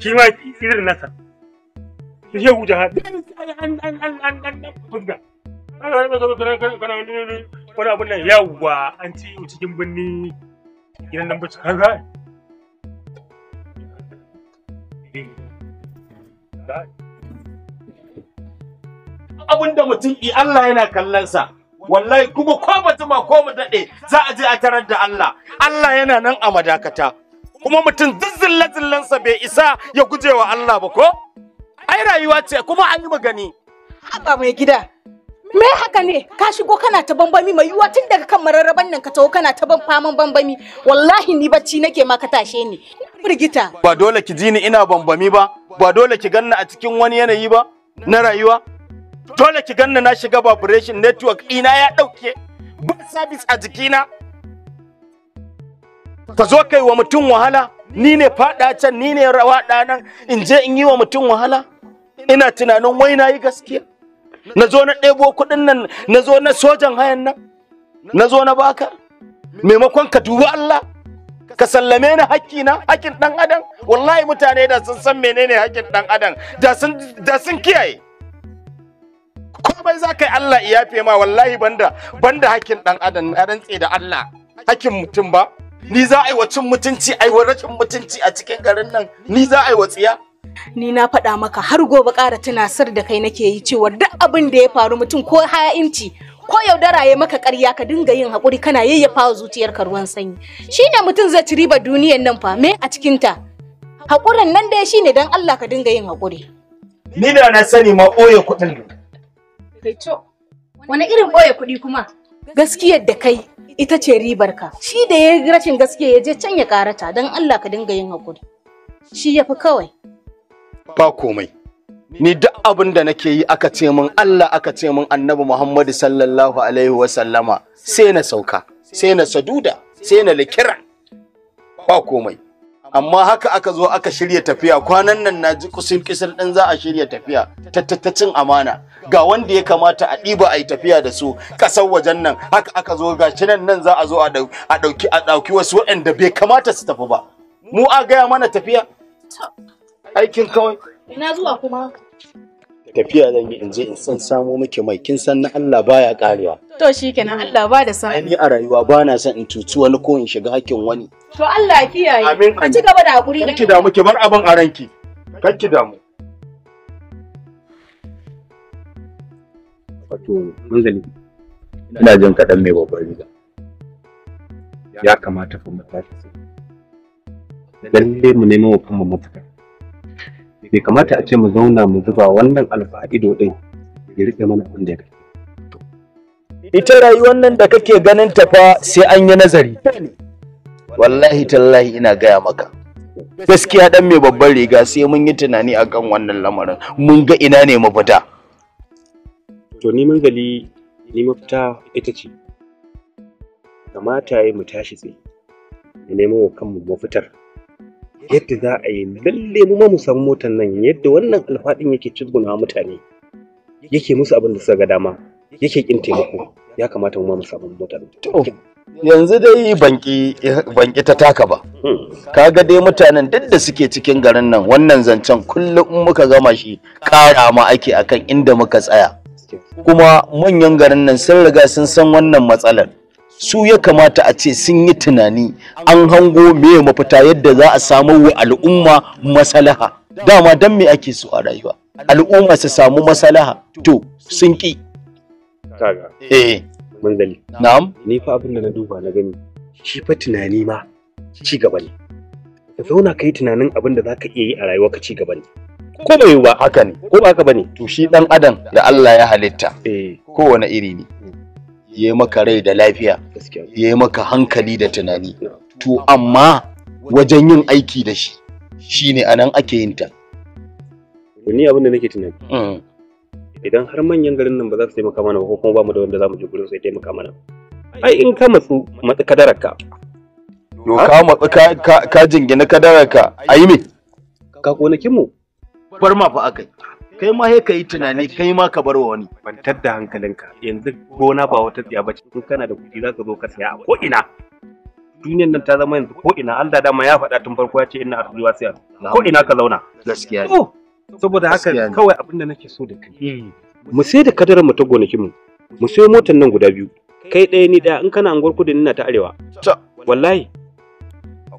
shi ma irin nasa shi ya huja har an an an an an an fuska wani wani abun nan yawwa an ci cikin birni gidan nan bacci har za'a abin da mutum yi Allah yana kallon sa wallahi kuma ko mutum ko mu dade za a je a tarar da Allah Allah yana nan a madakata kuma mutum duk zillan sa bai isa ya guje wa Allah ba ko ai rayuwa ce kuma an yi magani haba mai gida me haka ne ka shigo kana ta bambami mai yiwuwa tun daga kan mararraban nan ka taho kana ta ban faman bambami wallahi ni bacci nake ma ka tashe ni firgita ba dole ki ji ni ina bambami ba ba dole ki ganna a cikin wani yanayi ba na rayuwa dole ki ganna na shiga vibration network ina ya dauke ba service a jikina ka zo kai wa mutum wahala ni ne fada can ni ne rawa nan in je in yi wa mutum wahala ina tunanin wai na yi gaskiya na zo na ɗebo kuɗin nan na zo na sojan hayan nan na zo na baka maimakon ka dubi Allah ka sallame ni hakkina hakkin ɗan adam wallahi mutane da sun san menene hakkin ɗan adam da sun kiyaye komai za ka yi Allah ya fi ma wallahi banda banda hakkin dan adam na rantse da Allah hakkin mutum ba ni za a yi wa cin mutunci a yi wa rashin mutunci a cikin garin nan ni za a yi wa tsiya ni na faɗa maka har gobe ƙara sar da kai nake yi cewa duk abin da ya faru mutum ko ha'inci ko yaudara ya maka ƙarya ka dinga yin haƙuri kana yayyafa zuciyar ka ruwan sanyi shine mutum zai ci riba duniyar nan fa me a cikin ta haƙurin nan dai shine dan Allah ka dinga yin haƙuri ni da na sani ma ɓoye kuɗin Kai to, wani irin ɓoye kuɗi kuma? Gaskiyar da kai ita ce ribar ka. Shi da ya yi rashin gaskiya ya je can ya karata don Allah ka dinga yin hakuri. Shi ya fi kawai. Ba komai. Ni duk abin da nake yi aka ce min Allah aka ce min Annabi Muhammadu sallallahu alaihi wa sallama sai na sauka, sai na saduda, sai na likira. Ba komai. amma haka aka zo aka shirya tafiya kwanan nan na ji kusur kisir ɗin za a shirya tafiya ta amana ga wanda ya kamata a ɗiba a yi tafiya da su ƙasar wajen nan haka aka zo ga shi nan nan za a zo a ɗauki a ɗauki wasu waɗanda bai kamata su tafi ba mu a gaya mana tafiya aikin kawai ina zuwa kuma tafiya zan yi in je in san samo miki mai kin san na Allah baya karewa to shikenan Allah ba da sa'a ni a rayuwa ba na son in tutu wani ko in shiga hakkin wani to Allah kiyaye ka ci gaba da hakuri kake da muke bar abin a ranki kake da mu wato manzali ina jin kaɗan mai babbar riga ya kamata fa mu tashi lalle mu nemo wa mu mafita bai kamata a ce mu zauna mu zuba wannan alfa'ido din ya rike mana abin da ya ita rayuwar nan da kake ganin ta fa sai an yi nazari wallahi tallahi ina gaya maka gaskiya dan mai babban riga sai mun yi tunani akan wannan lamarin mun ga ina ne mafita to ni mun gali ni mafita ita ce kamata yi mu tashi tsaye mu nemo wa kanmu mafitar yadda za a yi lalle mu ma mu samu motar nan yadda wannan alfaɗin yake cizguna mutane yake musu abin da suka ga dama yake kin taimako ya kamata mu ma mu samu motar to yanzu dai banki ta taka ba hmm. kaga dai mutanen duk da suke cikin garin nan wannan zancen kullum muka gama shi ƙara ma ake akan inda muka tsaya kuma manyan garin nan sun riga sun san wannan matsalar su ya kamata a ce sun yi tunani an hango meye mafita yadda za a samu wa al'umma masalaha dama don me ake so a rayuwa al'umma su samu masalaha to sun ki kaga eh gani na'am ni fa abin da na duba na gani shi fa tunani ma ci gaba ne ka zauna kai tunanin abin da zaka iya yi a rayuwa ka ci gaba ne ko bai ba haka ne ko ba haka bane to shi dan adam da Allah ya halitta eh kowane iri ne ya maka rai da lafiya ya maka hankali da tunani to amma wajen yin aiki da shi shi a anan ake yin ta ni abin da nake tunani mm. idan har manyan garin nan ba za su taimaka mana ba ko kuma ba mu da wanda za mu je gurin su taimaka mana ai in ka matsu matsi ka to ka matsi ka ka jingina ka ayi me ka gonakin mu bar ma fa akai kai ma ka yi tunani kai ma ka bar wa wani kwantar da hankalinka yanzu gona ba wata tsiya ba in kana da kuɗi zaka zo ka saya a ko ina Duniyar nan ta zama yanzu ko ina Allah dama ya faɗa tun farko ya ce ina arzuwa sai ko ina ka zauna gaskiya saboda haka kawai abin da nake so da kai eh. mu sai da kadarar mu ta gonakin mu mu sai motar nan guda biyu kai ɗaya ni ɗaya in kana anguwar kudu ina ta arewa wallahi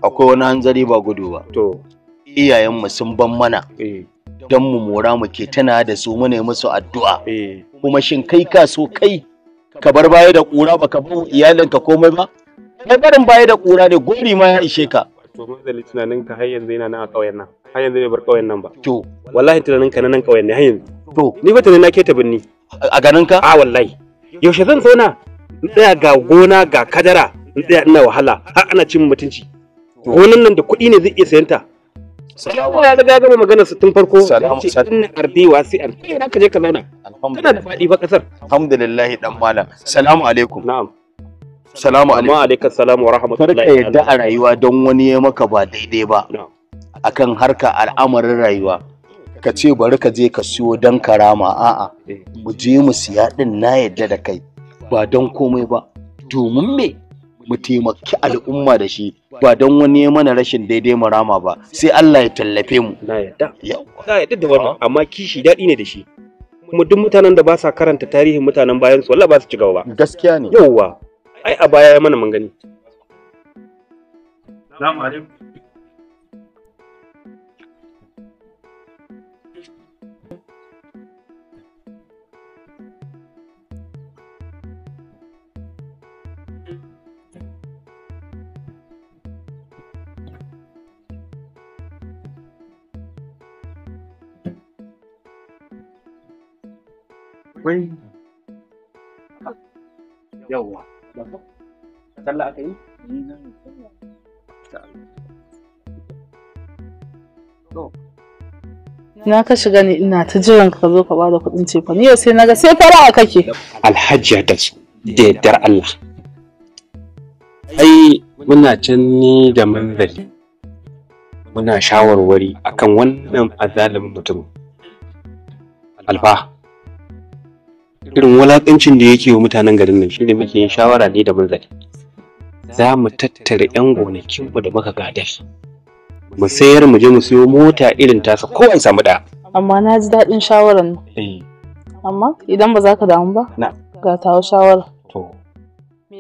akwai wani hanzari ba gudu ba to iyayenmu sun ban mana eh. don mu mora mu ke tana da su mu musu addu'a eh. kuma shin kai ka so kai ka bar baya da ƙura baka iyalin iyalinka komai ba kai barin baya da ƙura ne gori ma ya ishe ka to mun zali tunanin ka har yanzu yana nan a ƙauyen nan har yanzu bai bar ƙauyen nan ba to wallahi tunanin ka nan ƙauyen ne har yanzu to ni ba tunanin na ke ta binni a ganin ka a wallahi yaushe zan tsona in tsaya ga gona ga kadara in tsaya ina wahala har ana cin mutunci gonan nan da kuɗi ne zai iya sayanta salamu ya riga gama magana su tun farko salamu inna ardi wasi'an kai da ka je ka zauna tana da fadi ba kasar alhamdulillah dan malam salamu alaikum na'am salamu alaikum alaikum salamu wa rahmatullahi kar ka yadda a rayuwa don wani ya maka ba daidai ba akan harka al'amarin rayuwa ka ce bari ka je ka siyo don karama a'a eh. mu je mu siya din na yadda da kai ba don komai ba domin me mu taimaki al'umma da shi ba don wani mana rashin daidai marama ba sai Allah ya tallafe mu na yadda na yadda da wannan amma kishi daɗi ne da shi kuma duk mutanen da ba sa karanta tarihin mutanen bayan su wallahi ba su ci gaba ba gaskiya ne yauwa ai a baya ya mana mun gani assalamu alaikum wai yawwa sallah aka na ka shiga ina ta jiran ka zo ka bada kuɗin cefa ni yau sai naga sai fara'a kake alhaji da su da yardar Allah ai muna can ni da manzali muna shawarwari akan wannan azalin mutum alfa irin wulakancin da yake wa mutanen garin nan shine muke yin shawara ne da munzali za mu tattara yan gonakin mu da muka gada mu sayar mu je mu siyo mota irin tasa ko an samu da amma na ji daɗin shawaran eh. amma idan ba za ka damu ba ga tawo shawara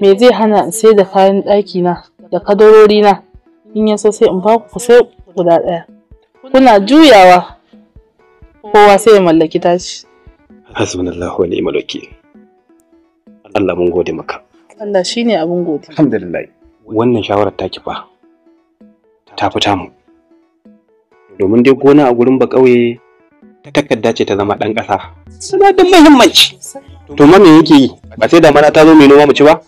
me zai hana in sai da kayan ɗaki na da kadarori na in ya so sai in ba ku sai guda ɗaya kuna juyawa kowa sai ya mallaki tashi hasbunallahu wa ni'mal wakil Allah mun gode maka Allah shine abun gode alhamdulillah wannan shawarar ta fa ta fita mu domin dai gona a gurin ba kauye takarda ce ta zama dan ƙasa suna da muhimmanci to ma yake yi ba sai da mana ta zo mai noma mu ci ba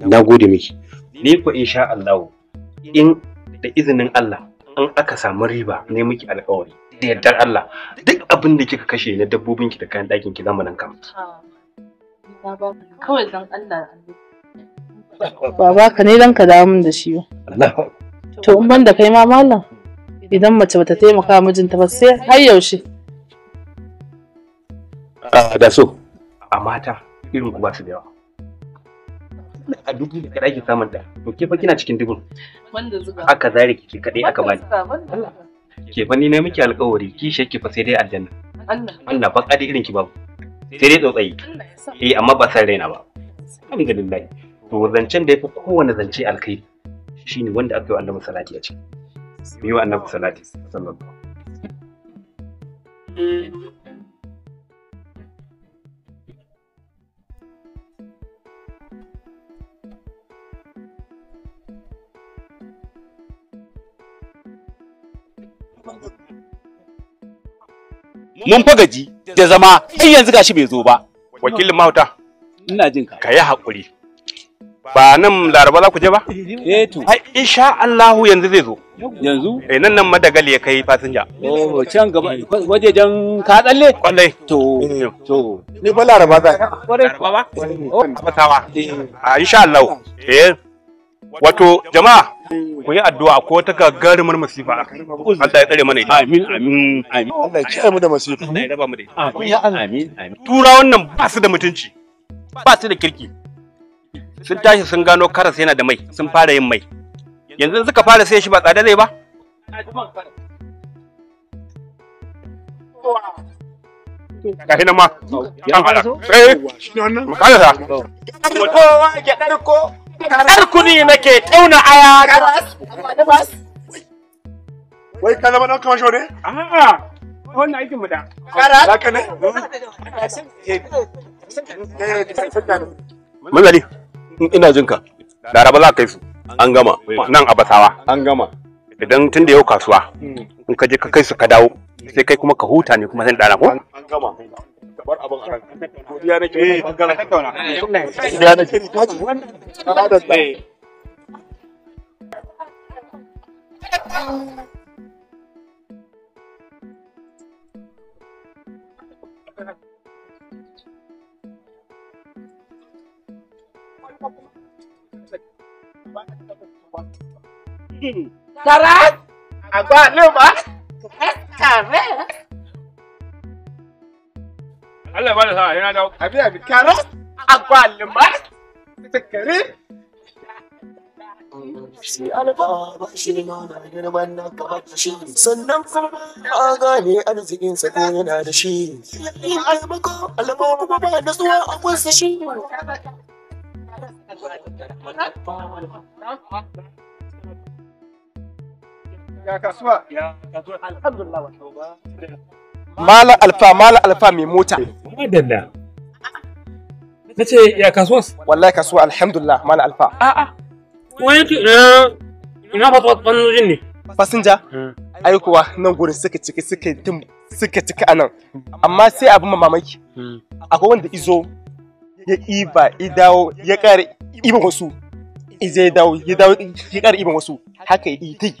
na gode miki ni ko insha Allah in da izinin Allah an aka samu riba ne miki alƙawari da yardar Allah duk abin da kika kashe na dabbobin ki da kayan ɗakin ki zamu nan kam kawai dan Allah baba ka ne dan ka dawo min da shi Allah to in ban da kai ma mallam idan mace bata taimaka mijinta ba sai har yaushe Ah da so a mata irin ku ba su da yawa a dubu da kada ake samun da. to ke fa kina cikin dubun wanda zuba aka zare kike kadai aka bani Allah ke fa ni ne miki alƙawari ki shakki fa sai dai aljanna Allah Allah ba kadi irin ki ba sai dai tsotsayi eh amma ba san raina ba alhamdulillah to zancen da yafi kowane zance alkhairi shine wanda aka yi wa annabi salati a ciki yi wa annabi salati sallallahu alaihi wasallam mun fa gaji da zama sai yanzu gashi bai zo ba wakilin Mauta. ina jin ka kayi hakuri ba nan laraba za ku je ba eh to ai insha Allahu yanzu zai zo yanzu eh nan nan madagal ya kai fasinja oh can gaba wajejen ka tsalle kwallai to to ni ba laraba za laraba ba oh fatawa Eh. Ah, insha Allah eh wato jama'a ku yi addu'a ko ta gagarumar masifa Allah ya tsare mana ita amin amin amin Allah ya kiyaye mu da masifa Allah ya raba mu da ita amin amin amin turawan nan ba su da mutunci ba su da kirki sun tashi sun gano karas yana da mai sun fara yin mai yanzu suka fara sai shi ba tsada zai ba gashi nan ma an sai shi ne wannan mu karasa ya ɗarko Karkuni nake tauna aya. Wai ka zama ɗan kamasho ne? A'a, wani aikin mu da. Kara? Zaka ne? Mazali, ina jinka. Laraba za ka yi su. An gama. Nan basawa An gama. Idan tun da yau kasuwa, hmm. in ka je ka kai su ka dawo, sai kai kuma ka huta ne kuma sai ɗana ko? gama kamar abin a ranka godiya nake yi bangaren tattauna godiya nake yi taji wannan da Karat, agak lupa. Karat, Allah ba da sa'a yana dawo. Abi abi karas agwalumar tukare. Shi alba ba shi ne mana girman na kamar sannan kuma a gane arzikinsa ko yana da shi. Yin albako kuma ba da zuwa a kunsa shi. Ya kasuwa. Ya kasuwa. Alhamdulillah. Mala alfa mala alfa mai mota. Madalla. Na ce ya kasuwa? Wallahi kasuwa alhamdulillah alfa. A'a. Wani ki eh, ina ina fatuwa ne. Fasinja? Hmm. Ai nan gurin suka ciki suka tim suka ciki Amma sai abin mamaki. Hmm. Akwai wanda izo ya iba idawo ya kare iban wasu. Ize ya dawo ya dawo ya kare iban wasu. Haka yi tai.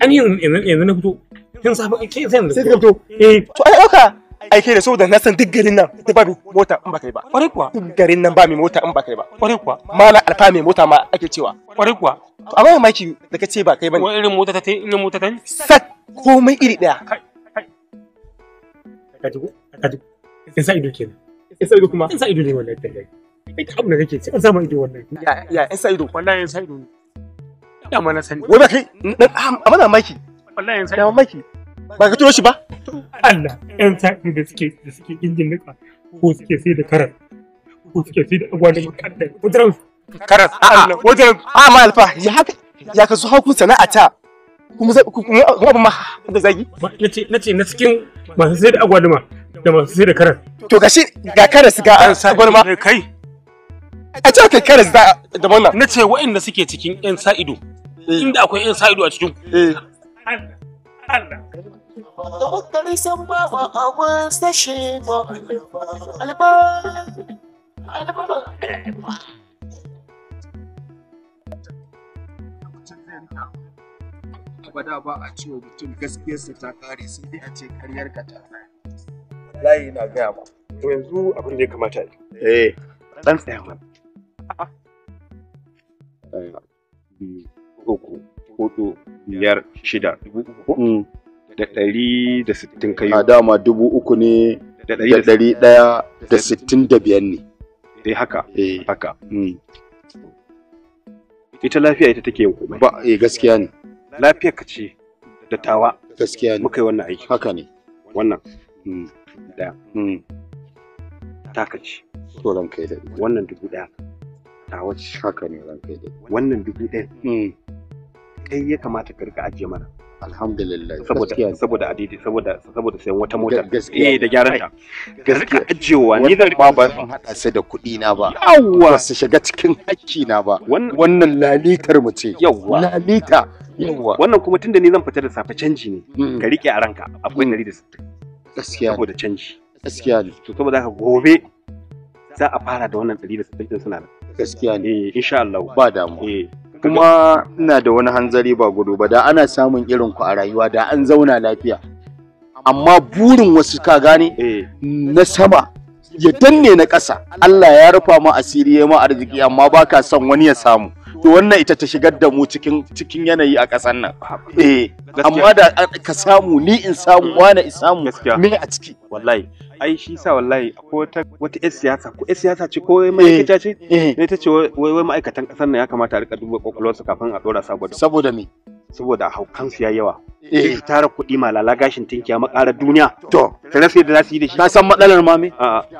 An yanzu na fito. Yanzu safe sai yanzu. Sai ka fito. Eh. To ai ɗauka. aike da saboda na san duk garin nan duk ba mai mota in ba kai ba kwarai kuwa duk garin nan ba mai mota in ba kai ba kwarai kuwa mala alfa mai mota ma ake cewa kwarai kuwa to amma maki da kace ba kai bane wani irin mota ta tai irin mota ta sak komai iri daya ka ji ka ji in sa ido kenan in sa ido kuma in sa ido ne wannan tallafi kai abin ne kake ci an sama ido wannan ya ya in sa ido wallahi in sa ido ne ya mana sani wai ba kai amma ah, na maki wallahi in sa ido maki ba ka turo shi ba Allah yan sa'in da suke da suke injin nika ko suke sai da karas ko suke sai da agwani kaddar wajen karas Allah wajen amma alfa ya haka ya ka zo hakun sana'a ta kuma zai kuma ba ma da zagi Na ce na cikin masu sai da agwaluma da masu sai da karas to gashi ga karas ga agwaluma kai a ce kai karas da da wannan nace waɗanda suke cikin yan sa'ido eh. inda akwai yan sa'ido a cikin eh. Allah Allah Dokar san bawa a wasa shi ba alba alba abada ba a cewa mutum gaskiyarsa ta kare sai a ce karyar ka ta kare wallahi na gaya ma to yanzu abin da ya kamata yi eh dan tsaya ma biyu uku hudu biyar shida dubu uku da ɗari da sittin kai a dama dubu uku ne da ɗari ɗaya da sittin da biyar ne eh haka eh haka hmm. ita lafiya ita take yin komai ba eh gaskiya ne Lafiya ka ce da tawa gaskiya ne muka yi wannan aiki haka ne wannan da taka ce to ran kai da wannan dubu ɗaya tawa ce haka ne ran kai da wannan dubu ɗaya hmm. kai ya kamata ka rika ajiye mana alhamdulillah saboda saboda adidi saboda saboda sayan wata mota eh da gyaran ta gaskiya ajewa ni zan ba ban hada sai da kuɗi na ba yawa su shiga cikin hakki na ba wannan lalitar mu ce yawa lalita yawa wannan kuma tunda ni zan fita da safe canji ne mm. ka rike a ranka akwai 160 gaskiya saboda canji gaskiya ne to saboda haka gobe za a fara da wannan 160 din suna da gaskiya ne eh insha Allah ba damu eh kuma ina da wani hanzari ba gudu ba da ana samun irin ku a rayuwa da an zauna lafiya amma burin wasu ka gane eh. na sama ya danne na ƙasa Allah ya rufa mu asiri ya ma arziki amma baka son wani ya samu to wannan ita ta shigar da mu cikin cikin yanayi a ƙasar nan eh amma da ka samu ni in samu mm. wani in samu me a ciki wallahi ai shi sa wallahi ko wata wata yar siyasa ko yar siyasa ce ko eh, ma'aikata ce ne eh. ta ce wai wai ma'aikatan ƙasar nan ya kamata a rika duba kokolwarsu kafin a dora saboda saboda me saboda su ya yawa eh tara kuɗi ma lala gashin ya makara duniya to tarasa da za su yi da shi ka san matsalar ma me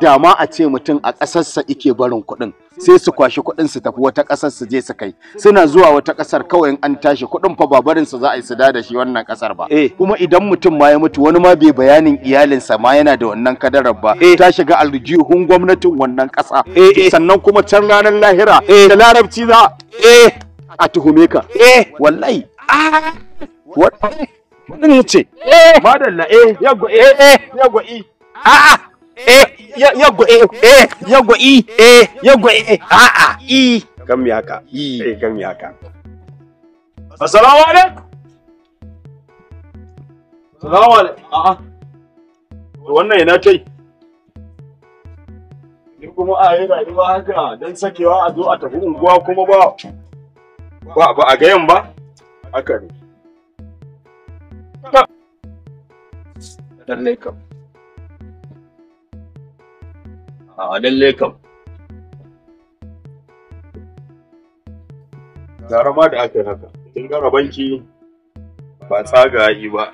da ma a ce mutum a ƙasarsa ike barin kuɗin sai su kwashi kuɗin su tafi wata ƙasar su je su kai suna zuwa wata ƙasar kawai an tashi kuɗin fa ba barin su za a yi su da shi wannan ƙasar ba eh. kuma idan mutum ma ya mutu wani ma bai bayanin iyalinsa ma yana da wannan kadarar ba eh. ta shiga aljihun gwamnatin wannan ƙasa eh, sannan kuma can ranar lahira da larabci za a tuhume ka wallahi Ah! What? Wannan ce. Eh. Madalla eh yagwa eh eh yagwa i. A'a. Eh yagwa eh. Ah! Eh! eh eh yagwa i eh yagwa eh a'a i. Kan mi haka? I. E. Eh kan mi haka? Assalamu alaikum. Assalamu alaikum. A'a. Wannan yana kai. Ni kuma a yi rayuwa haka don sakewa a zo a tafi unguwa kuma ba ba a gayan ba. haka ne lallai kam a lallai kam gara ma da aka haka kin gara banki ba tsaga yi ba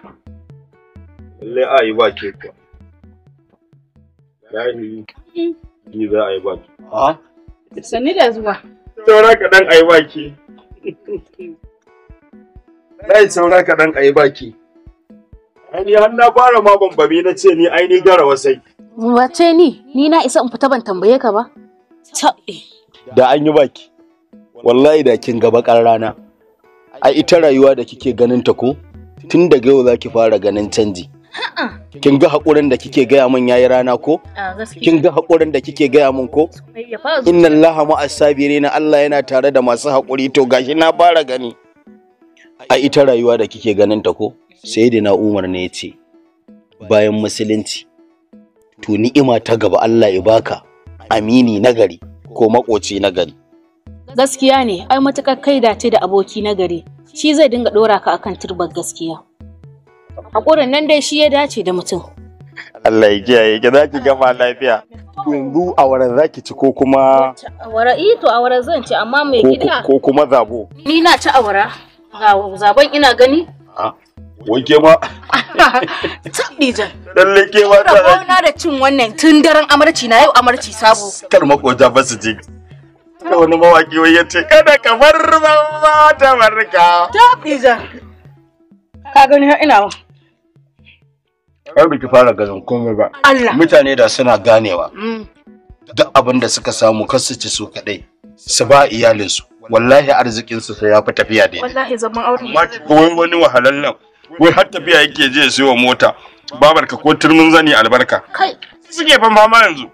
lallai a yi ba ke ka yayi ni za a yi ba ki a sanni da zuwa saura kaɗan a yi ba ki Lai saura kaɗan a yi baki. Ni har na fara ma bambami na ce ni ai gara wasai. Wace ni? Ni na isa in fita ban tambaye ka ba. Da an yi baki. Wallahi da kin gaba ƙar rana. A ita rayuwa da kike ganin ta ko? Tun daga yau zaki fara ganin canji. Kin ga haƙurin da kike gaya min yayi rana ko? Kin ga haƙurin da kike gaya min ko? Inna Allaha ma'as sabirin Allah yana tare da masu haƙuri to gashi na fara gani. a ita rayuwa da kike ganin ta ko sai na umar ne ce bayan musulunci to ni'ima ta gaba Allah ya baka amini nagari ko makoci nagari gaskiya ne ai matukar kai dace da aboki nagari shi zai dinga dora ka akan turbar gaskiya hakurin nan dai shi ya dace da mutum Allah ya kiyaye ki zaki gama lafiya yanzu awara zaki ci ko kuma awara ito eh awara zan ci amma mai gida ko kuma zabo ni na ci awara zaban ina gani? Wanke ma. Tabdijan. Lalle ke ma ta. Rabona da cin wannan tun daren amarci na yau amarci sabo. Kar makota ba su je. Da wani mawaƙi wai ya ce kada ka bar ba ta barka. Tabdijan. Ka gani har ina ma. Ai biki fara ganin komai ba. Allah. Mutane da suna ganewa. Mm. Duk abin da suka samu kar su ci su kadai. Su ba iyalinsu. wallahi arzikin su ya fi tafiya dai wallahi zaman aure amma wai wani wahalallan wai har tafiya yake je sai wa mota babar ka ko turmin zani albarka kai suke fa ma yanzu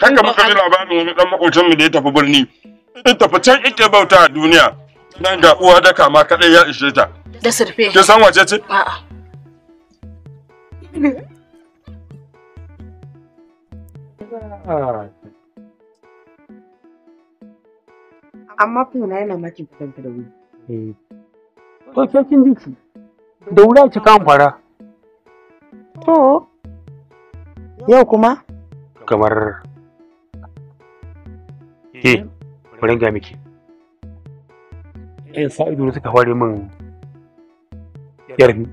haka muka ji labarin wani dan makocin mu da ya tafi birni in tafi can yake bauta a duniya nan ga uwa da kama kadai ya ishe ta da surfe ke san wace ce a'a Ah. amma kuna yana makin fitan da wuri eh. to ke kin ji da wuri a cikin fara to yau kuma kamar ke bari ga miki eh sa ido suka fare min yarfi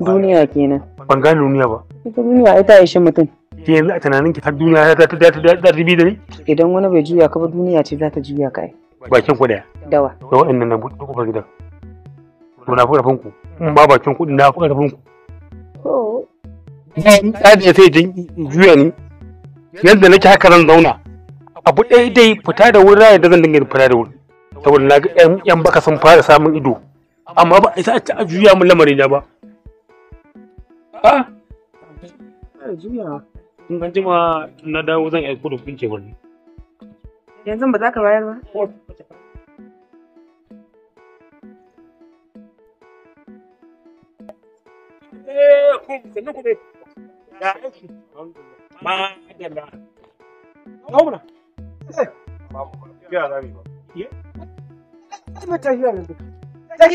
duniya kenan ban gane duniya ba ita duniya ita ya shi mutum ke yanzu a tunanin ki har duniya za ta bi da ni idan wani bai juya ka ba duniya ce za ta juya ka ai bakin ku daya dawa da waɗannan nan duk kofar gidan to na fi ƙarfin ku in ba bakin kuɗin na fi ƙarfin ku tsari ya sai juya ni yadda nake haka zan zauna abu ɗaya dai fita da wuri rayar da zan dinga fita da wuri saboda na ga yan baka sun fara samun ido amma ba isa a juya mun lamarin da ba a ah! juya in an jima na dawo zan aiko da kuɗin cefar ne. Yanzu ba za ka bayar ba?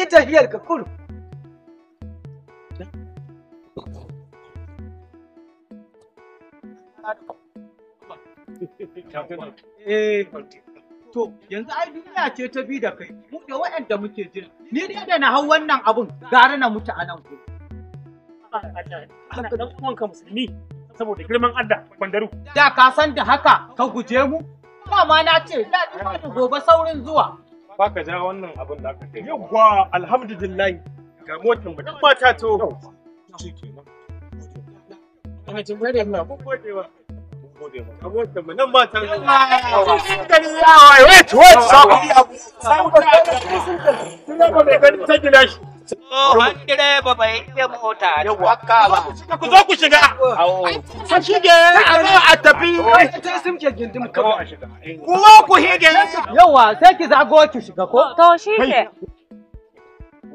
ta hiyar ka kudu. to yanzu ai duniya ce ta bi da kai, mu da waɗanda muke jira. Ni dai da na hau wannan abun gara na mutu a nan ku. Dan uwanka musulmi saboda girman Allah kwandaru. Da ka san da haka ka guje mu? Dama na ce da ni gobe saurin zuwa. Ba ka ja wannan abun da aka kai. Yawwa alhamdulillah ga motan mu mata to. Shi wa. ya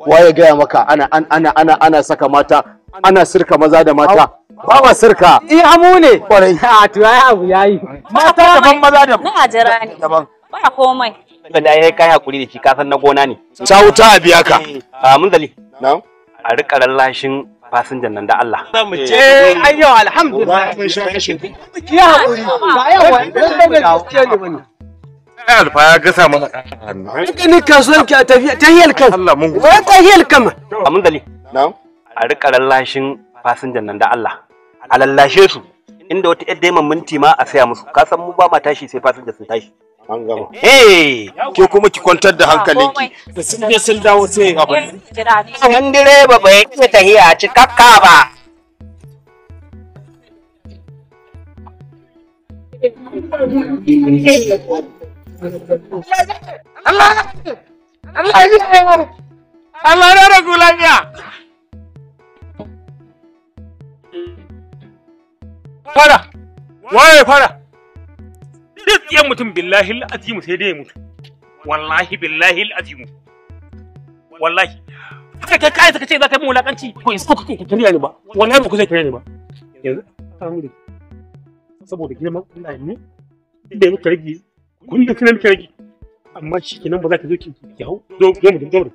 Waye gaya maka ana ana ana ana saka mata ana sirka maza da mata. Baba sirka. Iya amu ne. Kwarai. A to yayi abu yayi. Mata daban maza daban. Na ajira ne. Daban. Ba komai. Bala yayi kai hakuri da shi ka san na gona ne. Sa wuta a biya ka. Eh, a ah, mun dali. Na'am. A rika lallashin fasinjan nan da Allah. Za mu je. Eh. ai alhamdulillah. Mun Ya hakuri. Ba yawa. Dan da gaskiya ne alfa ya gasa mana hannu. Ni kasuwar ki a tafiya ta hiyar kan. Allah mun. Wai ta hiyar kan. Amin dali. Na'am. A rika lallashin fasinjan nan da Allah. a lallashe su inda wata yadda yaman minti ma a saya musu ka san mu ba ma tashi sai fasinja sun tashi an gama eh ke kuma ki kwantar da hankalinki da sun je sun dawo sai ya an direba bai iya tahiya cikakka ba Allah Allah Allah ya Allah lafiya fara waye fara duk yan mutum billahi al'azim sai dai ya mutu wallahi billahi al'azim wallahi kai kai kai ce za ka yi mulakanci ko in sauka kai kariya ne ba wallahi ba ku zai kariya ne ba yanzu samu da saboda girman Allah ne da ya muka rage kun da kana muka rage amma shi kenan ba za ka zo ki hau do do mu zo mu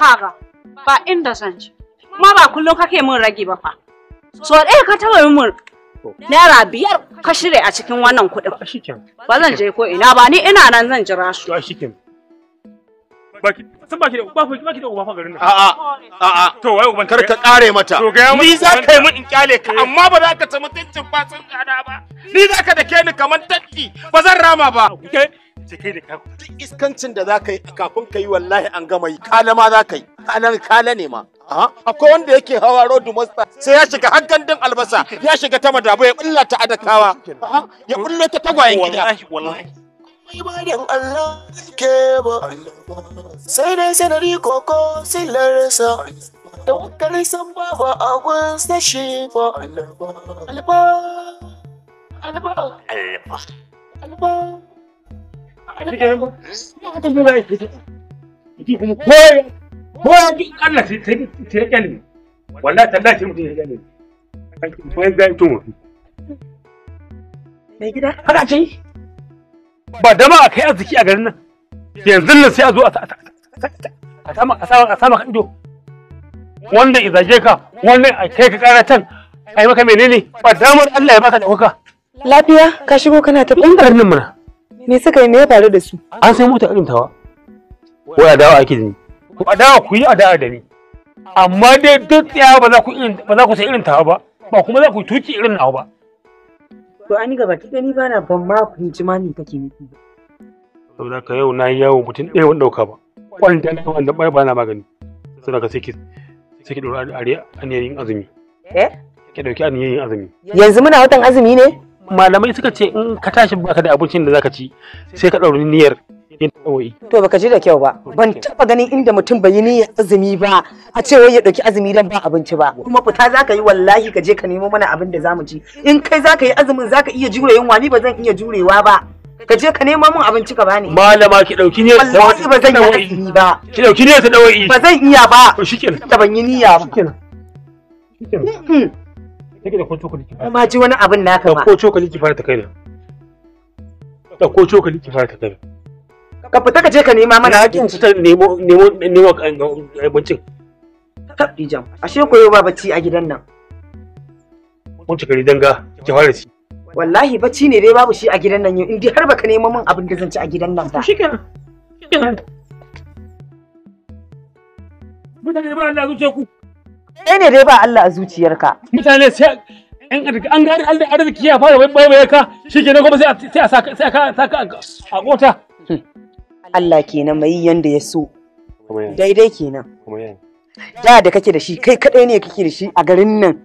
kaga ba inda san ci kuma ba kullum kake min rage ba fa so dai eh, ka taɓa min Naira biyar ka shirya a cikin wannan kuɗin. Ah, ba zan je ko ina ba ni ina nan zan jira su. Ah, baki san baki da uba baki da uba fa garin nan a'a a'a to wai uban kar ka kare mata ni za ka yi min in kyale ka amma ba za ka samu mutuncin ba sun gada ba ni za ka ke ni kamar tatti ba zan rama ba cike da kaku iskancin da za ka yi kafin ka yi wallahi an gama yi kala ma za ka yi kala ne ma akwai wanda yake hawa road masta. sai ya shiga hankan din albasa ya shiga ta madaba ya bulla ta adakawa ya bulla ta tagwayen gida wallahi wallahi Allah ke ba sai dai sanari koko silarsa san ba ba sa shi ba alba alba alba alba alba alba alba ko ya ji Allah ta ta ya kyale wallahi tallahi shi mutum ya kyale ko ya ga mutum wafi mai gida haka ce ba dama a kai arziki a garin nan yanzu nan sai a zo a sama a sama ka ido wanda ya ka wannan a kai ka kara can ai maka menene ba damar Allah ya baka da kuka lafiya ka shigo kana ta bangar nan muna me suka yi me ya faru da su an sai mota irin tawa waya dawo ake jini? ku adawa ku yi adawa da ni amma dai duk tsaya ba za ku ba za ku san irin ta ba ba kuma za ku tuki irin nawa ba to an gaba ki gani bana ban ma ji ma ni kake nufi saboda ka yau na yawo mutum ɗaya wanda ɗauka ba kwan da ɗaya wanda ba na magani saboda ka sai sai ki ɗora aniyar yin azumi eh ke ɗauki aniyar yin azumi yanzu muna watan azumi ne malamai suka ce in ka tashi baka da abincin da zaka ci sai ka ɗaura niyyar To baka ji da kyau ba. Ban taba ganin inda mutum bai yi azumi ba a ce wai ya dauki azumi dan ba abinci ba. Kuma fita zaka yi wallahi ka je ka nemo mana abin da zamu ci. In kai zaka yi azumin zaka iya jure yunwa ni ba zan iya jurewa ba. Ka je ka nemo mun abinci ka bani. Malama ki dauki ne da wallahi ba zan yi azumi ba. Ki dauki ne da dawai. Ba zan iya ba. To shikenan. Ta ban yi niyya ba. Shikenan. Shikenan. Take da ko fara. Kuma ji wani abin naka ma. Ko cokali ki fara ta kai na. Ko cokali ki fara ta kai ne? ka fita ka je ka nema mana hakkin su ta nemo nemo nemo abincin Ijan, ashe ko yau ba bacci a gidan nan. Mun cika danga, ki fara ci. Wallahi bacci ne dai babu shi a gidan nan yau, in dai har baka nemo min abin da zan ci a gidan nan ba. Shikenan. Mutane ba Allah zuciyar ku. eh ne dai ba Allah a zuciyarka. Mutane sai an an gari Allah arziki ya fara bai bai ka, shikenan kuma sai a sa ka a kota. Allah kenan mai yanda ya so daidai kenan da da kake da shi kai kadai ne kake da shi a garin nan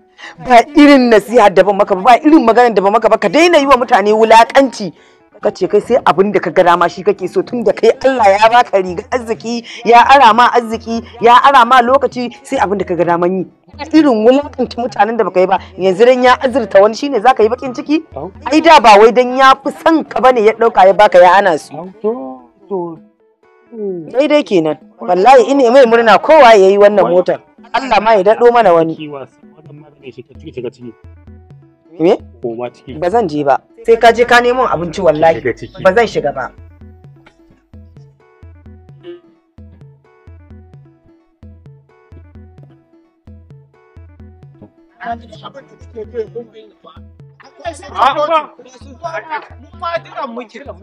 ba irin nasiha da ban maka ba irin maganar da ban maka ba ka daina yi wa mutane wulakanci ka ce kai sai abin da ka ga dama shi kake so tun da kai Allah ya baka riga arziki ya ara ma arziki ya ara ma lokaci sai abin da ka ga daman yi irin wulakanci mutanen da baka yi ba yanzu dan ya azurta wani shine zaka yi bakin ciki ai da ba wai dan ya fi son ka bane ya dauka ya baka ya ana su daidai hmm. kenan wallahi ina mai murna kowa yayi wannan motar Allah ma ya daɗo mana wani me ba zan je ba sai ka je ka nemo abinci wallahi ba zan shiga ba da Allah zai kawo Wato dariya mutum ina.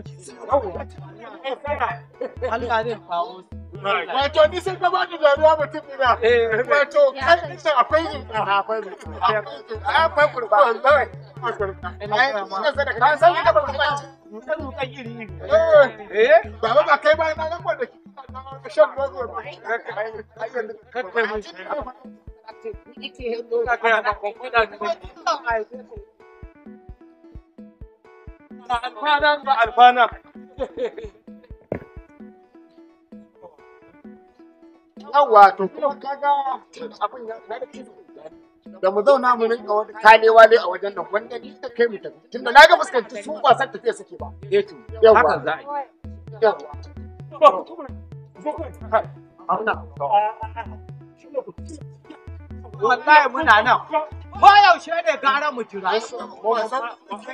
Wato kan akwai Akwai Akwai kurba. kurba. mun. Ike da alfana da alfana to kuma kaga abin ya da mu zauna mu rinka wani kalewa dai a wajen nan wanda ni ta kai mu tafi tunda na ga fuskanci su ba san tafiya suke ba eh to yawa haka za a yi yawa Wallahi muna nan. ko yaushe ne gara mu jira ko ba zama ku ta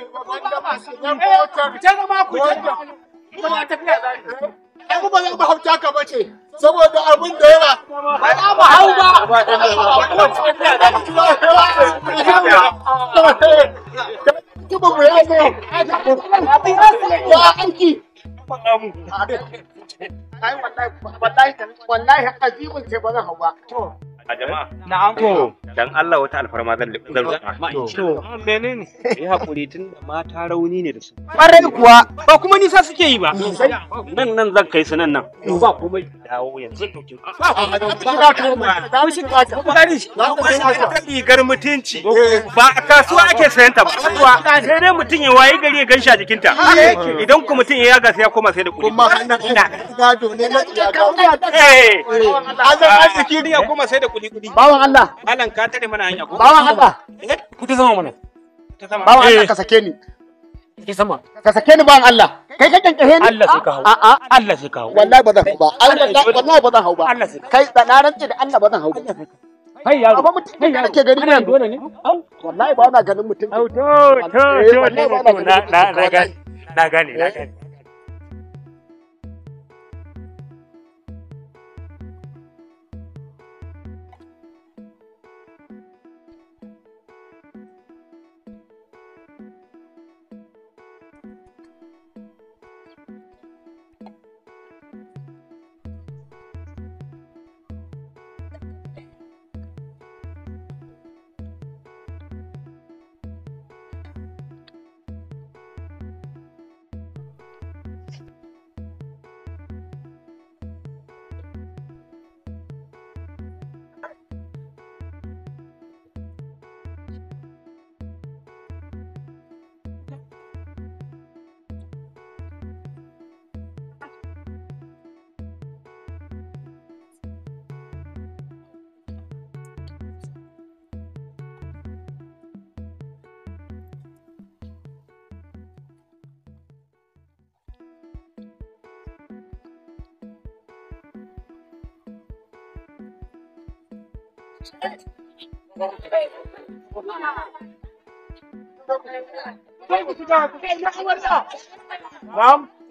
kuma tafiya za ni kuma zan hauta ka bace saboda abin da yawa ai ba ba hau ba kuma mu ya zo ya aiki ai wallahi wallahi azimin sai ba zan hau ba a jama'a na'am ko dan Allah wata alfarma zan zan to menene yi hakuri tun da mata rauni ne da su ƙwarai kuwa ba kuma nisa suke yi ba nan nan zan kai su nan nan ba kuma dawo yanzu ba ba ba ba eh. ba a kasuwa ake sayan ta ba sai mutum ya gari ya ganshi a jikinta idan mutum ya yaga sai ya koma sai da kuɗi kuli kuli. Bawan Allah. ka tare mana hanya ko? Bawan Allah. Eh? mana. Bawan Allah eh. ka sake ni. Ki sama. Ka sake ni bawan Allah. Kai ka kankahe ni. Allah sai hau. A'a Allah hau. Wallahi ba zan hau ba. Allah wallahi ba zan hau ba. Allah Kai da na da Allah ba zan hau ba. Hai yaro. Amma mutum kai kake gani ne. Dole ne. Wallahi ba na ganin mutum. to to to eh, na na na gani. Na na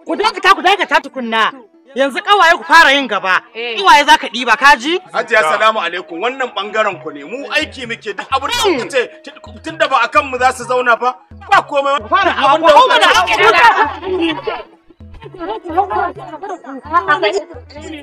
Ku dakata ku dakata tukunna. Yanzu kawaye ku fara yin gaba. Kawaye eh. zaka ka ɗiba kaji. Hajiya salamu alaikum wannan bangaren ku ne mu aiki muke duk abin da hmm. ku ce tun da ba a kanmu za su zauna ba ba komai. Fara da ku ce.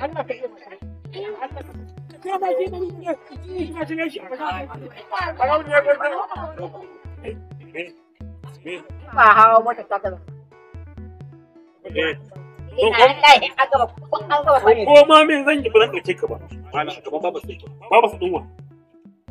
Allah ka iya ta. hawa mota ta ta. Ko ma min zan yi ba zan ɗauke ba. Ana gaban babu su. su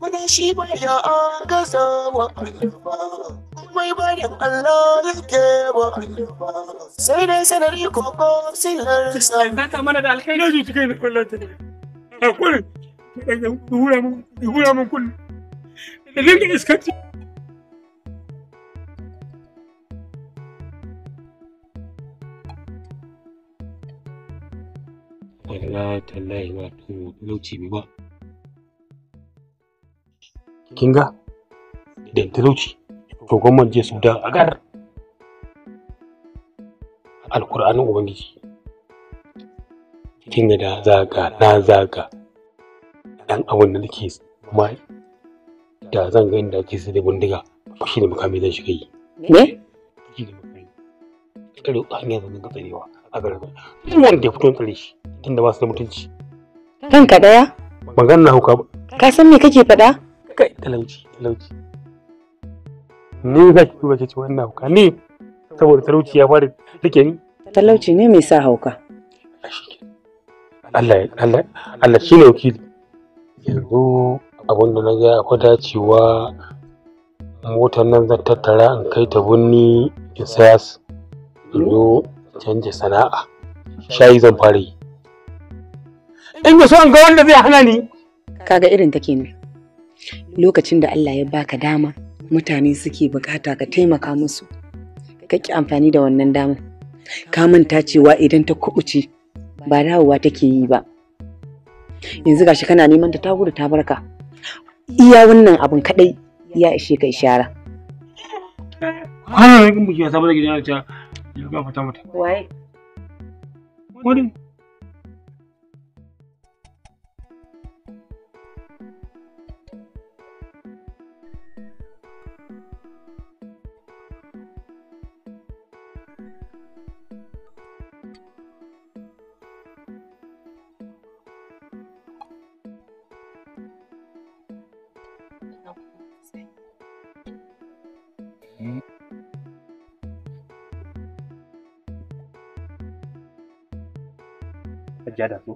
Wani shi ba ya an gaza wa mai bayan Allah yake wa sai dai sanari ko ko silar sa. mana da alkhairi. kullum ta. hura mun kullum. iskanci. wato talauci ba. kin ga da talauci to gwamnan je su da agar alkur'anin ubangiji kin ga da zaga na zaga dan abun da nake kuma da zan ga inda ake da bindiga shi ne mukami zan shiga yi ne shi ne mukami tsare hanyar zan ga tsarewa a garin duk wanda ya fito tsare shi tunda ba su da mutunci kanka daya magana hauka ka san me kake faɗa kai talauci talauci ni za ki duba ki ci wannan hauka ni saboda talauci ya fara rike ni talauci ne mai sa hauka Allah Allah Allah shine wakili yanzu abin da na ga akwai dacewa motar nan zan tattara in kai ta bunni in saya su in canja sana'a shayi zan fara yi in ga so in ga wanda zai hana ni kaga irin take ne lokacin da Allah ya baka dama mutane suke bukata ka taimaka musu ka ki amfani da wannan dama ka manta cewa idan ta kubuce ba dawowa take yi ba yanzu gashi kana neman ta ta gudu ta barka iya wannan abun kadai ya ishe ka ishara kwanan rikin buki ya samu da gidan ya fata mata waye wani sujjada su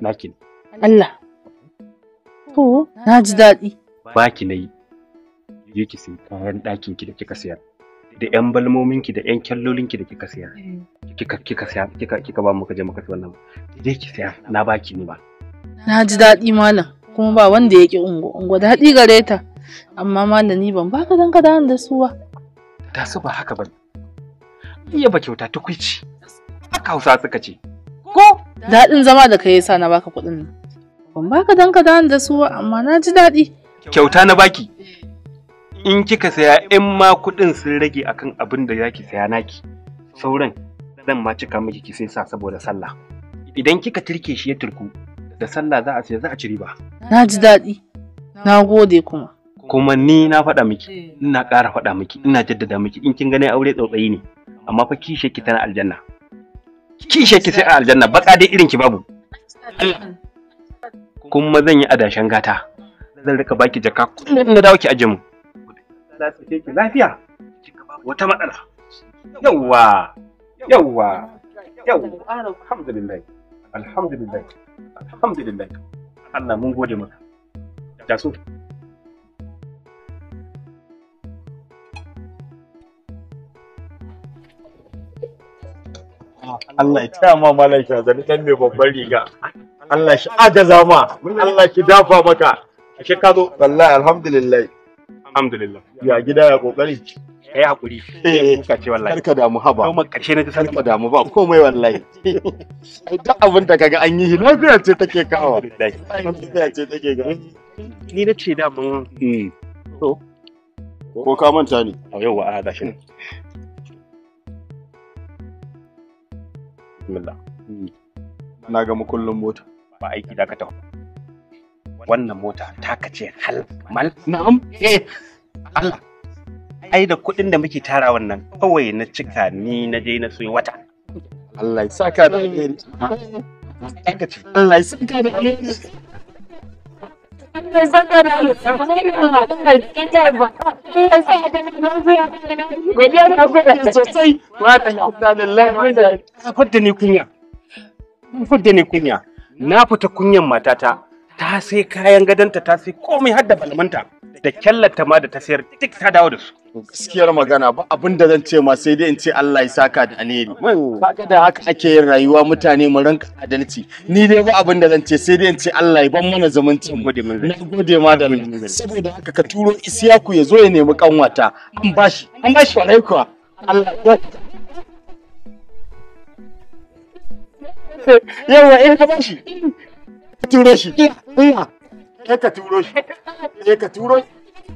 naki Allah to na ji daɗi ki na yi je ki sayi kayan ɗakin ki da kika sayar da yan balmomin ki da yan kyallolin ki da kika sayar kika kika sayar kika kika ba muka je muka ci wannan je ki sayar na baki ne ba na ji daɗi malam kuma ba wanda ya ki ungo ungo daɗi gare ta amma malami ban baka dan ka da su ba ta su ba haka ba iya ba kyauta tukwici haka hausa suka ce ko daɗin zama da kai yasa na baka kuɗin nan ban baka dan ka da su amma na ji daɗi kyauta na baki in kika saya in ma kuɗin sun rage akan abin da zaki saya naki sauran zan ma cika miki ki sai sa saboda sallah idan kika turke shi ya turku da sallah za a sai za a ci riba na ji daɗi na gode kuma kuma ni na faɗa miki eh. ina ƙara faɗa miki ina jaddada miki in kin gane aure tsautsayi ne amma fa kishe ki tana aljanna kishe ki sai a aljanna baka dai irin ki babu kuma zan yi adashen gata zan rika baki jaka kullum na dawo ki aje mu lafiya wata matsala yawwa yawwa yawwa alhamdulillah alhamdulillah alhamdulillah Allah mun gode maka da so Allah ya taya ma malaika zani dan mai babban riga Allah shi agaza ma Allah ki dafa maka ashe ka zo wallahi alhamdulillah alhamdulillah ya gida ya kokari kai hakuri eh, kuka ce wallahi karka da mu haba kuma karshe na ji sanin da mu ba komai wallahi ai duk abin da kaga an yi lafiya ce take kawo lafiya ce take ga ni na ce da mun hmm. to ko ka manta ni a yau wa a gashi hmm. bismillah hmm. na ga makullin mota ba aiki da ka tafi wannan mota ta kace hal mal na'am eh Allah ai da kuɗin da muke tara wannan kawai na cika ni na je na soyi wata Allah ya saka da alheri eh. Allah ya saka da alheri sosai fidda kunya na fita kunyan matata ta sai kayan gadonta ta sai komai har da balmanta da kyallata ma da ta sayar duk ta dawo da su gaskiyar magana ba abin da zan ce ma sai dai in ce Allah ya saka da alheri kaga da haka ake yin rayuwa mutane mu rinka adalci ni dai ba abin da zan ce sai dai in ce Allah ya ban mana zumunci na gode ma da saboda haka ka turo Isiyaku ya zo ya nemi kanwata an bashi an bashi walai kuwa Allah ya yawa in eh, ka bashi turo shi iya ka turo shi ka turo shi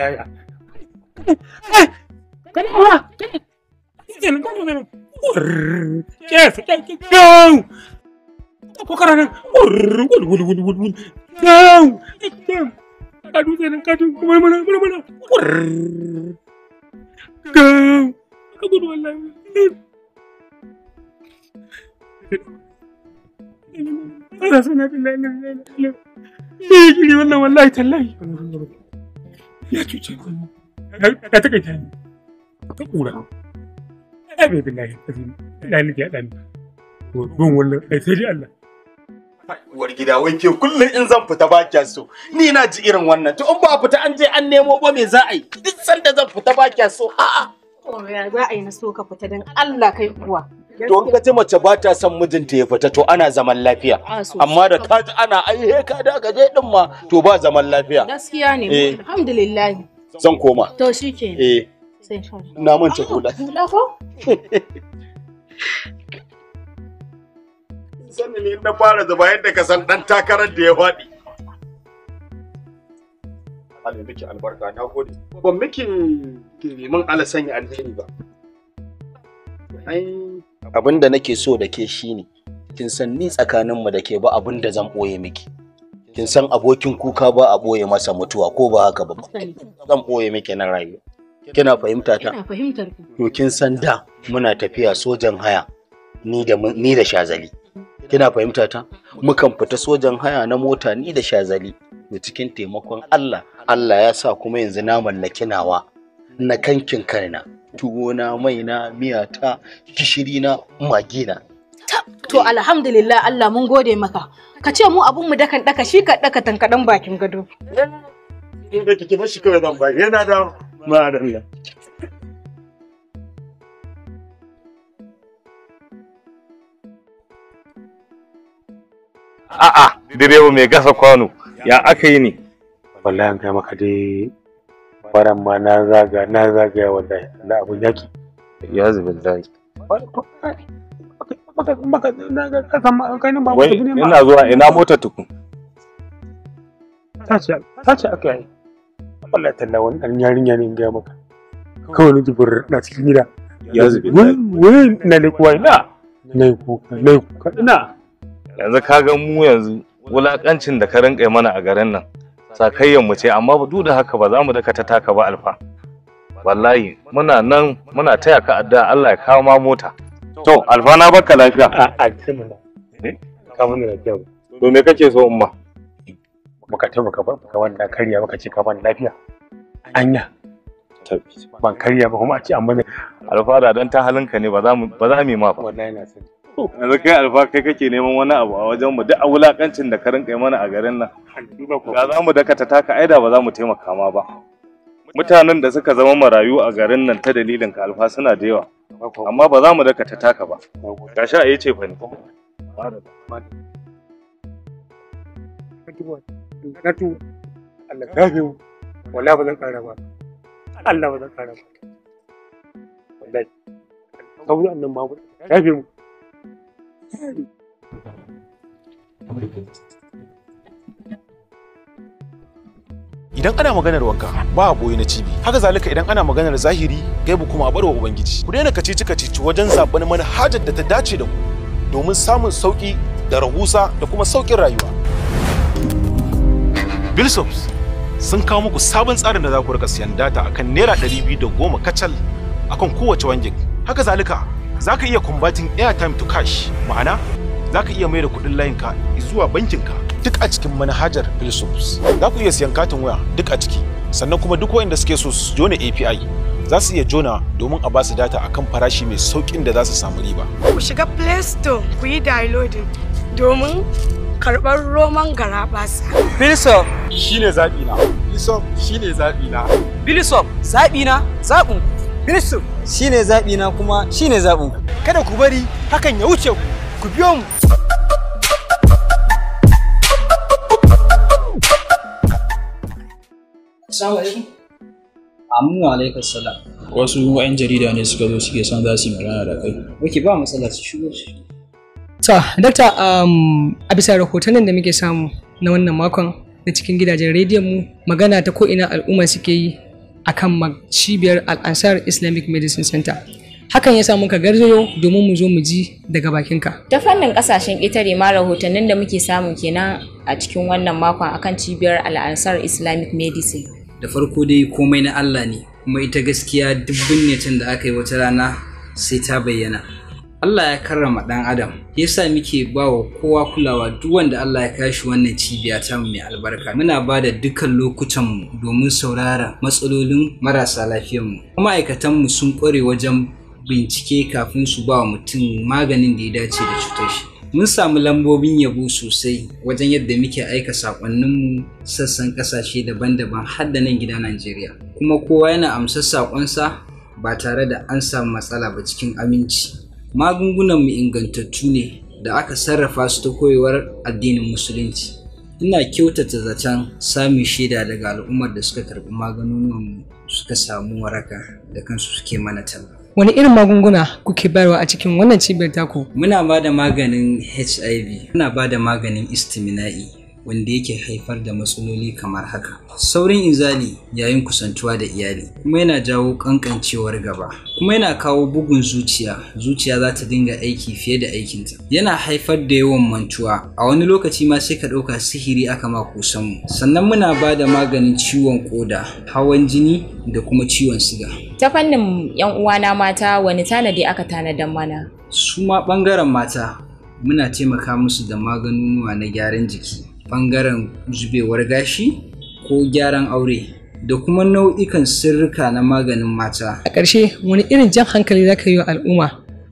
yaya Come Yes, go. Go. Go. Ka dutse nan ka dutse kuma mana mana mana. ya cuce ku ta takaita ni ta kura ai bai bin lahi azim lahi ni dan to gun wannan ai sai dai Allah uwar gida wai ke kullum in zan fita ba kya so ni na ji irin wannan to in ba fita an je an nemo ba me za a yi duk sanda zan fita ba kya so a'a to ya za a yi na so ka fita dan Allah kai kuwa to in ka ji mace ba ta son mijinta ya fita to ana zaman lafiya ah, amma da ka ji ana ai ka da ka je din ma to ba zaman lafiya gaskiya ne eh. alhamdulillah zan koma to shike eh na mance ah, hula kula ko sani ne na fara zuba yadda ka san dan takarar da ya faɗi Allah miki albarka na gode ban miki ala sanya alheri ba ai abin da nake so da ke shine kin san ni tsakaninmu da ke ba abin da zan ɓoye miki kin san abokin kuka ba a ɓoye masa mutuwa ko ba haka ba zan ɓoye miki na rayuwa kina fahimta ta ina fahimtar to kin san da muna tafiya sojan haya ni da ni da shazali kina fahimta ta mukan fita sojan haya na mota ni da shazali to cikin taimakon Allah Allah ya sa kuma yanzu na mallaki nawa na kankin kaina na tuwona maina miyata gishirina magina to alhamdulillah Allah mun gode maka ka ce mu abun mu dakan daka shi ka daka tankadan bakin gado eh, in kike a'a direba mai gasa kwano ya aka yi ne wallahi an kai maka dai faran ma na zaga na yawa da na abun yaki ya zubin Wai ina zuwa ina mota tukun ta ce aka yi wallahi talla wani ɗan yarinya ne in gaya maka kawai ni jibir na cikin gida ya zubin zai wani na lekuwa ina na yi kuka na yi kuka ina yanzu ka ga mu yanzu Wulaƙancin da ka rinƙa mana a garin nan sakayyar mu ce amma ba duk da haka ba za mu daka ta taka ba alfa wallahi muna nan muna taya ka addu'a Allah ya kawo ma mota to alfa na baka lafiya a a bismillah eh? ka mun da kyau to me kace so umma baka taimaka ba ka wanda kariya baka ce ka ban lafiya anya ban kariya ba kuma a ce amma alfa da dan ta halinka ne ba za mu ba za mu yi ma ba wallahi na sani yanzu kai alfa kai kake neman wani abu a wajen mu duk a wulakancin da ka kai mana a garin nan ga za mu dakata taka aida ba za mu taimaka ma ba mutanen da suka zama marayu a garin nan ta dalilin ka alfa suna da yawa amma ba za mu dakata taka ba sha a yace fa ne Allah gafe ba zan kara ba Allah ba zan kara ba wallahi sauri annan babu gafe mu idan ana maganar wanka ba boye na cibi haka zalika idan ana maganar zahiri gaibu kuma a barwa ubangiji ku daina kacici kacici wajen zaɓen manhajar da ta dace da ku domin samun sauƙi da rahusa da kuma sauƙin rayuwa bilsops sun kawo muku sabon tsarin da za ku rika siyan data akan naira ɗari biyu da goma kacal akan kowace wangin haka zalika za ka iya kumbatin airtime to cash ma'ana za ka iya mai da kuɗin layinka zuwa bankinka duk a cikin manhajar philosophes za ku iya siyan katin waya duk a ciki sannan kuma duk waɗanda suke so su jona api za su iya jona domin a ba su data akan farashi mai sauƙin da za su samu riba ku shiga play store ku yi downloading domin karɓar roman gara sa philosoph shine zabi na philosoph shine zabi na philosoph zabi na ku Ministu ne zaɓi na kuma shi zaɓin ku. Kada ku bari hakan ya wuce ku. Ku biyo mu. Assalamu alaikum. Aminu alaikum salam. Wasu 'yan jarida ne suka zo suke son za su yi magana da kai. Wake ba matsala su shigo su. To, dakta um, a bisa rahotannin da muke samu na wannan makon na cikin gidajen rediyon mu magana ta ko'ina al'umma suke yi A akan cibiyar al'asar Islamic Medicine Center. Hakan ya sa muka garzayo domin mu zo mu ji daga bakinka. Ta fannin kasashen ƙetare ma rahotannin da muke samu kenan a cikin wannan makon akan cibiyar al'asar Islamic Medicine. Da farko dai komai na Allah ne, kuma ita gaskiya duk binnetin da aka yi wata rana sai ta bayyana. Allah ya karrama ɗan adam Ya sa muke ba wa kowa kulawa duk wanda Allah ya kashi wannan cibiya ta mai albarka muna ba da dukkan lokutanmu domin saurara matsalolin marasa lafiyanmu ma'aikatanmu sun kware wajen bincike kafin su ba wa mutum maganin da ya dace da cutar shi mun samu lambobin yabo sosai wajen yadda muke aika mu sassan ƙasashe daban-daban har da nan gida Najeriya kuma kowa yana amsa saƙonsa ba tare da an samu matsala ba cikin aminci magungunan mu ingantattu ne da aka sarrafa su ta koyewar addinin musulunci ina kyautata zaton samun shaida daga al'ummar da suka karɓi mu suka samu waraka da kansu suke mana talla wani irin magunguna kuke bayarwa a cikin wannan cibiyar taku muna ba da maganin hiv muna ba da maganin istimina'i wanda yake haifar da matsaloli kamar haka saurin inzali yayin kusantuwa da iyali kuma yana jawo kankancewar gaba kuma yana kawo bugun zuciya zuciya za ta dinga aiki fiye da aikinta yana haifar da yawan mantuwa a wani lokaci ma sai ka ɗauka sihiri aka ma kusan mu sannan muna ba da maganin ciwon koda hawan jini da kuma ciwon siga ta fannin yan uwana mata wani tanadi aka tanadar mana su ma ɓangaren mata muna taimaka musu da maganunuwa na gyaran jiki Bangaren zubewar gashi ko gyaran aure da kuma nau'ikan sirrika na maganin mata. A ƙarshe wani irin jan hankali za ka yi wa al'umma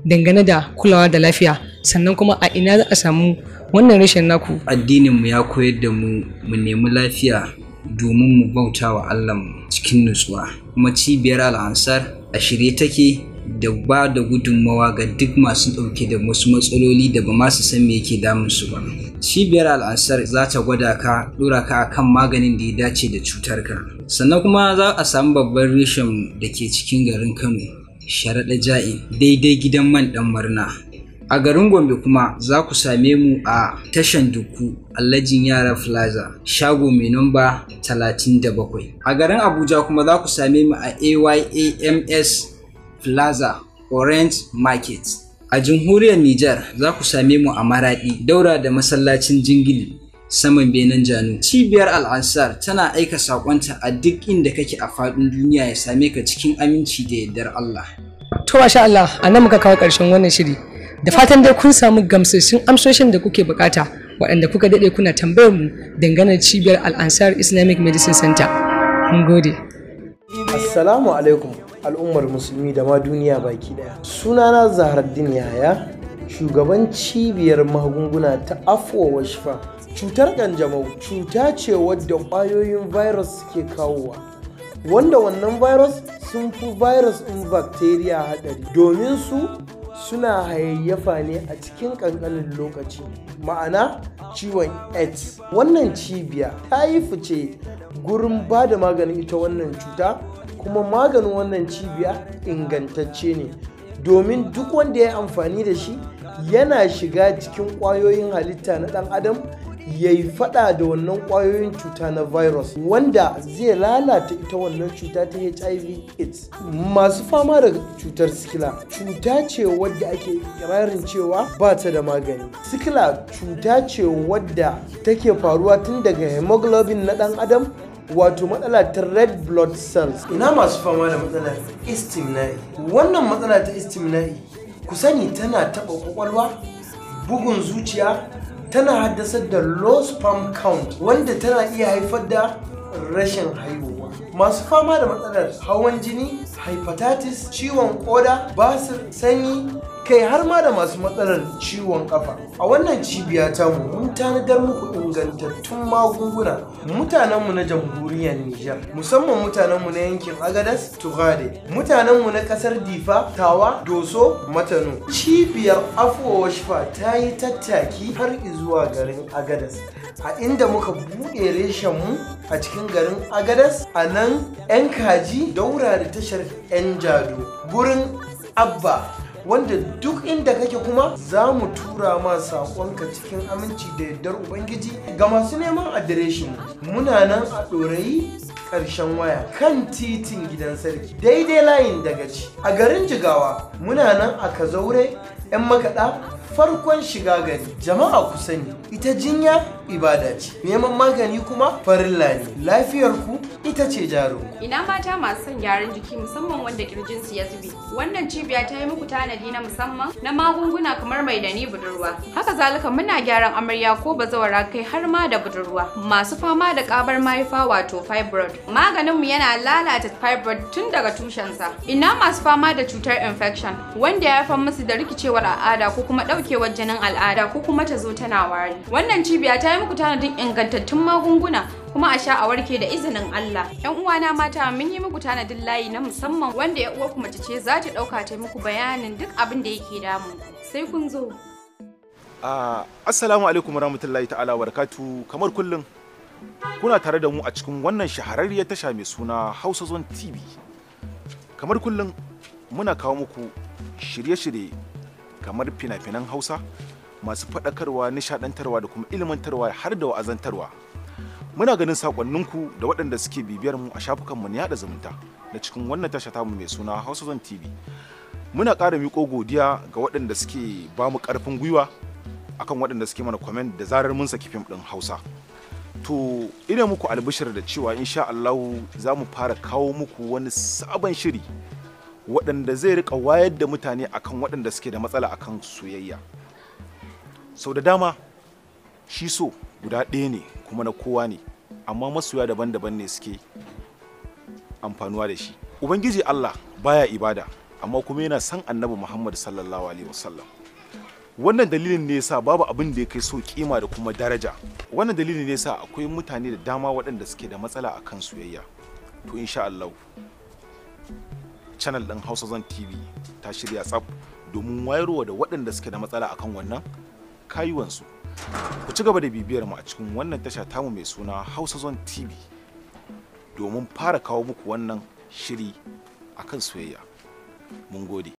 dangane da kulawa da lafiya sannan kuma a ina za a samu wannan rashin naku. Addininmu ya koyar da mu mu nemi lafiya domin mu bauta wa Allah cikin nutsuwa kuma cibiyar al'ansar a shirye take da ba da gudunmawa ga duk masu ɗauke da wasu matsaloli da ba masu san me yake damun su ba. Cibiyar al'ansar za ta gwada ka ɗora ka kan maganin da ya dace da cutar ka. Sannan kuma za a samu babban reshen da ke cikin garin Kano, sharaɗa Ja'i. daidai gidan man ɗan murna. A garin Gombe kuma za ku same mu a tashan duku Allajin Yara Plaza, shago mai namba 37. A garin Abuja kuma za ku same mu a AYAMS plaza orange market a jamhuriyar Nijar, za ku same mu a Maraɗi daura da masallacin jingili saman benin janu cibiyar al'ansar tana aika saƙonta a duk inda kake a faɗin duniya ya same ka cikin aminci da yardar allah to masha allah a nan muka kawo ƙarshen wannan shiri da fatan dai kun samu gamsassun amsoshin da kuke bukata waɗanda kuka daɗe kuna tambayar mu dangane cibiyar al'ansar islamic medicine center mun gode assalamu alaikum al'ummar musulmi da ma duniya baki daya sunana zahardin yahaya shugaban cibiyar magunguna ta afuwa shifa cutar ƙanjamau cuta ce wadda ƙwayoyin virus ke kawowa wanda wannan virus sun fi virus ɗin bacteria haɗari domin su suna hayayyafa ne a cikin ƙanƙanin lokaci ma'ana ciwon aids wannan cibiya ta yi fice gurin ba da maganin ita wannan cuta kuma maganin wannan cibiya ingantacce ne domin duk wanda ya amfani da shi yana shiga cikin ƙwayoyin halitta na ɗan adam ya yi faɗa da wannan ƙwayoyin cuta na virus wanda zai lalata ita wannan cuta ta hiv aids masu fama da cutar sikila cuta ce wadda ake kirarin cewa ba ta da magani sikila cuta ce wadda take faruwa tun daga hemoglobin na ɗan adam wato matsala ta red blood cells ina masu fama da matsalar istimna'i wannan matsala ta istimna'i ku sani tana taɓa ƙwaƙwalwa, bugun zuciya tana haddasa da low sperm count wanda tana iya haifar da rashin haihuwa masu fama da matsalar hawan jini hepatitis ciwon koda basir sanyi kai har ma da masu matsalar ciwon kafa a wannan cibiya mu mun tanadar muku ingantattun magunguna mutanenmu na jamhuriyar Nijar musamman mutanenmu na yankin Agadas Tugade mutanenmu na kasar Difa Tawa Doso Matano cibiyar Afuwa Shifa ta yi tattaki har zuwa garin Agadas a inda muka buɗe reshen mu a cikin garin Agadas a nan 'yan kaji daura da tashar 'yan jado gurin Abba wanda duk inda kake kuma za mu tura ma saƙonka cikin aminci da yardar ubangiji ga masu neman adireshin muna nan a ɗorayi ƙarshen waya kan titin gidan sarki daidai layin daga ci a garin jigawa muna nan a kazaure 'yan makaɗa farkon shiga gari jama'a ku sani ita jinya ibada ce neman magani kuma farilla Lafiyar ku? ita ce jaro. Ina mata masu son gyaran jiki musamman wanda kirjinsu ya zube. Wannan cibiya ta yi muku tanadi na musamman na magunguna kamar mai da ni budurwa. Haka zalika muna gyaran amarya ko bazawara kai har ma da budurwa. Masu fama da kabar mahaifa wato fibroid. Maganinmu yana lalata fibroid tun daga tushensa. Ina masu fama da cutar infection wanda ya fa musu da rikicewar al'ada ko kuma daukewar jinin al'ada ko kuma ta zo tana wari. Wannan cibiya ta yi muku tanadin ingantattun magunguna kuma a sha a warke da izinin Allah. Yan uwana mata mun yi muku tanadin layi na musamman wanda ya uwarku mace ce za ta dauka ta muku bayanin duk abin da yake damu. Sai kun zo. Uh, assalamu alaikum warahmatullahi ta'ala barakatu kamar kullum kuna tare da mu a cikin wannan shahararriyar tasha mai suna Hausa Zone TV. Kamar kullum muna kawo muku shirye-shirye kamar fina-finan Hausa masu faɗakarwa, nishaɗantarwa da kuma ilmantarwa har da wa'azantarwa. muna ganin sakonninku da waɗanda suke bibiyar mu a shafukanmu na yada zumunta na cikin wannan tasha tamu mai suna Hausa Zone TV. Muna ƙara miƙo godiya ga waɗanda suke ba mu ƙarfin gwiwa akan waɗanda suke mana comment da zarar mun saki fim ɗin Hausa. To ina muku albishir da cewa insha Allahu za mu fara kawo muku wani sabon shiri waɗanda zai riƙa wayar da mutane akan waɗanda suke da matsala akan soyayya. Sau da dama shi so guda ɗaya ne kuma na kowa ne amma masoya daban-daban ne suke amfanuwa da shi ubangiji allah baya ibada amma kuma yana san annabi muhammad sallallahu alaihi wasallam wannan dalilin ne yasa babu abin da ya kai so kima da kuma daraja wannan dalilin ne yasa akwai mutane da dama waɗanda suke da matsala a kan soyayya to insha allah channel ɗin hausa zan tv ta shirya tsaf domin wayarwa da waɗanda suke da matsala akan wannan kayuwansu Ku ci gaba da bibiyar mu a cikin wannan tasha tamu mai suna Hausa Zone TV domin fara kawo muku wannan shiri akan soyayya. Mun gode.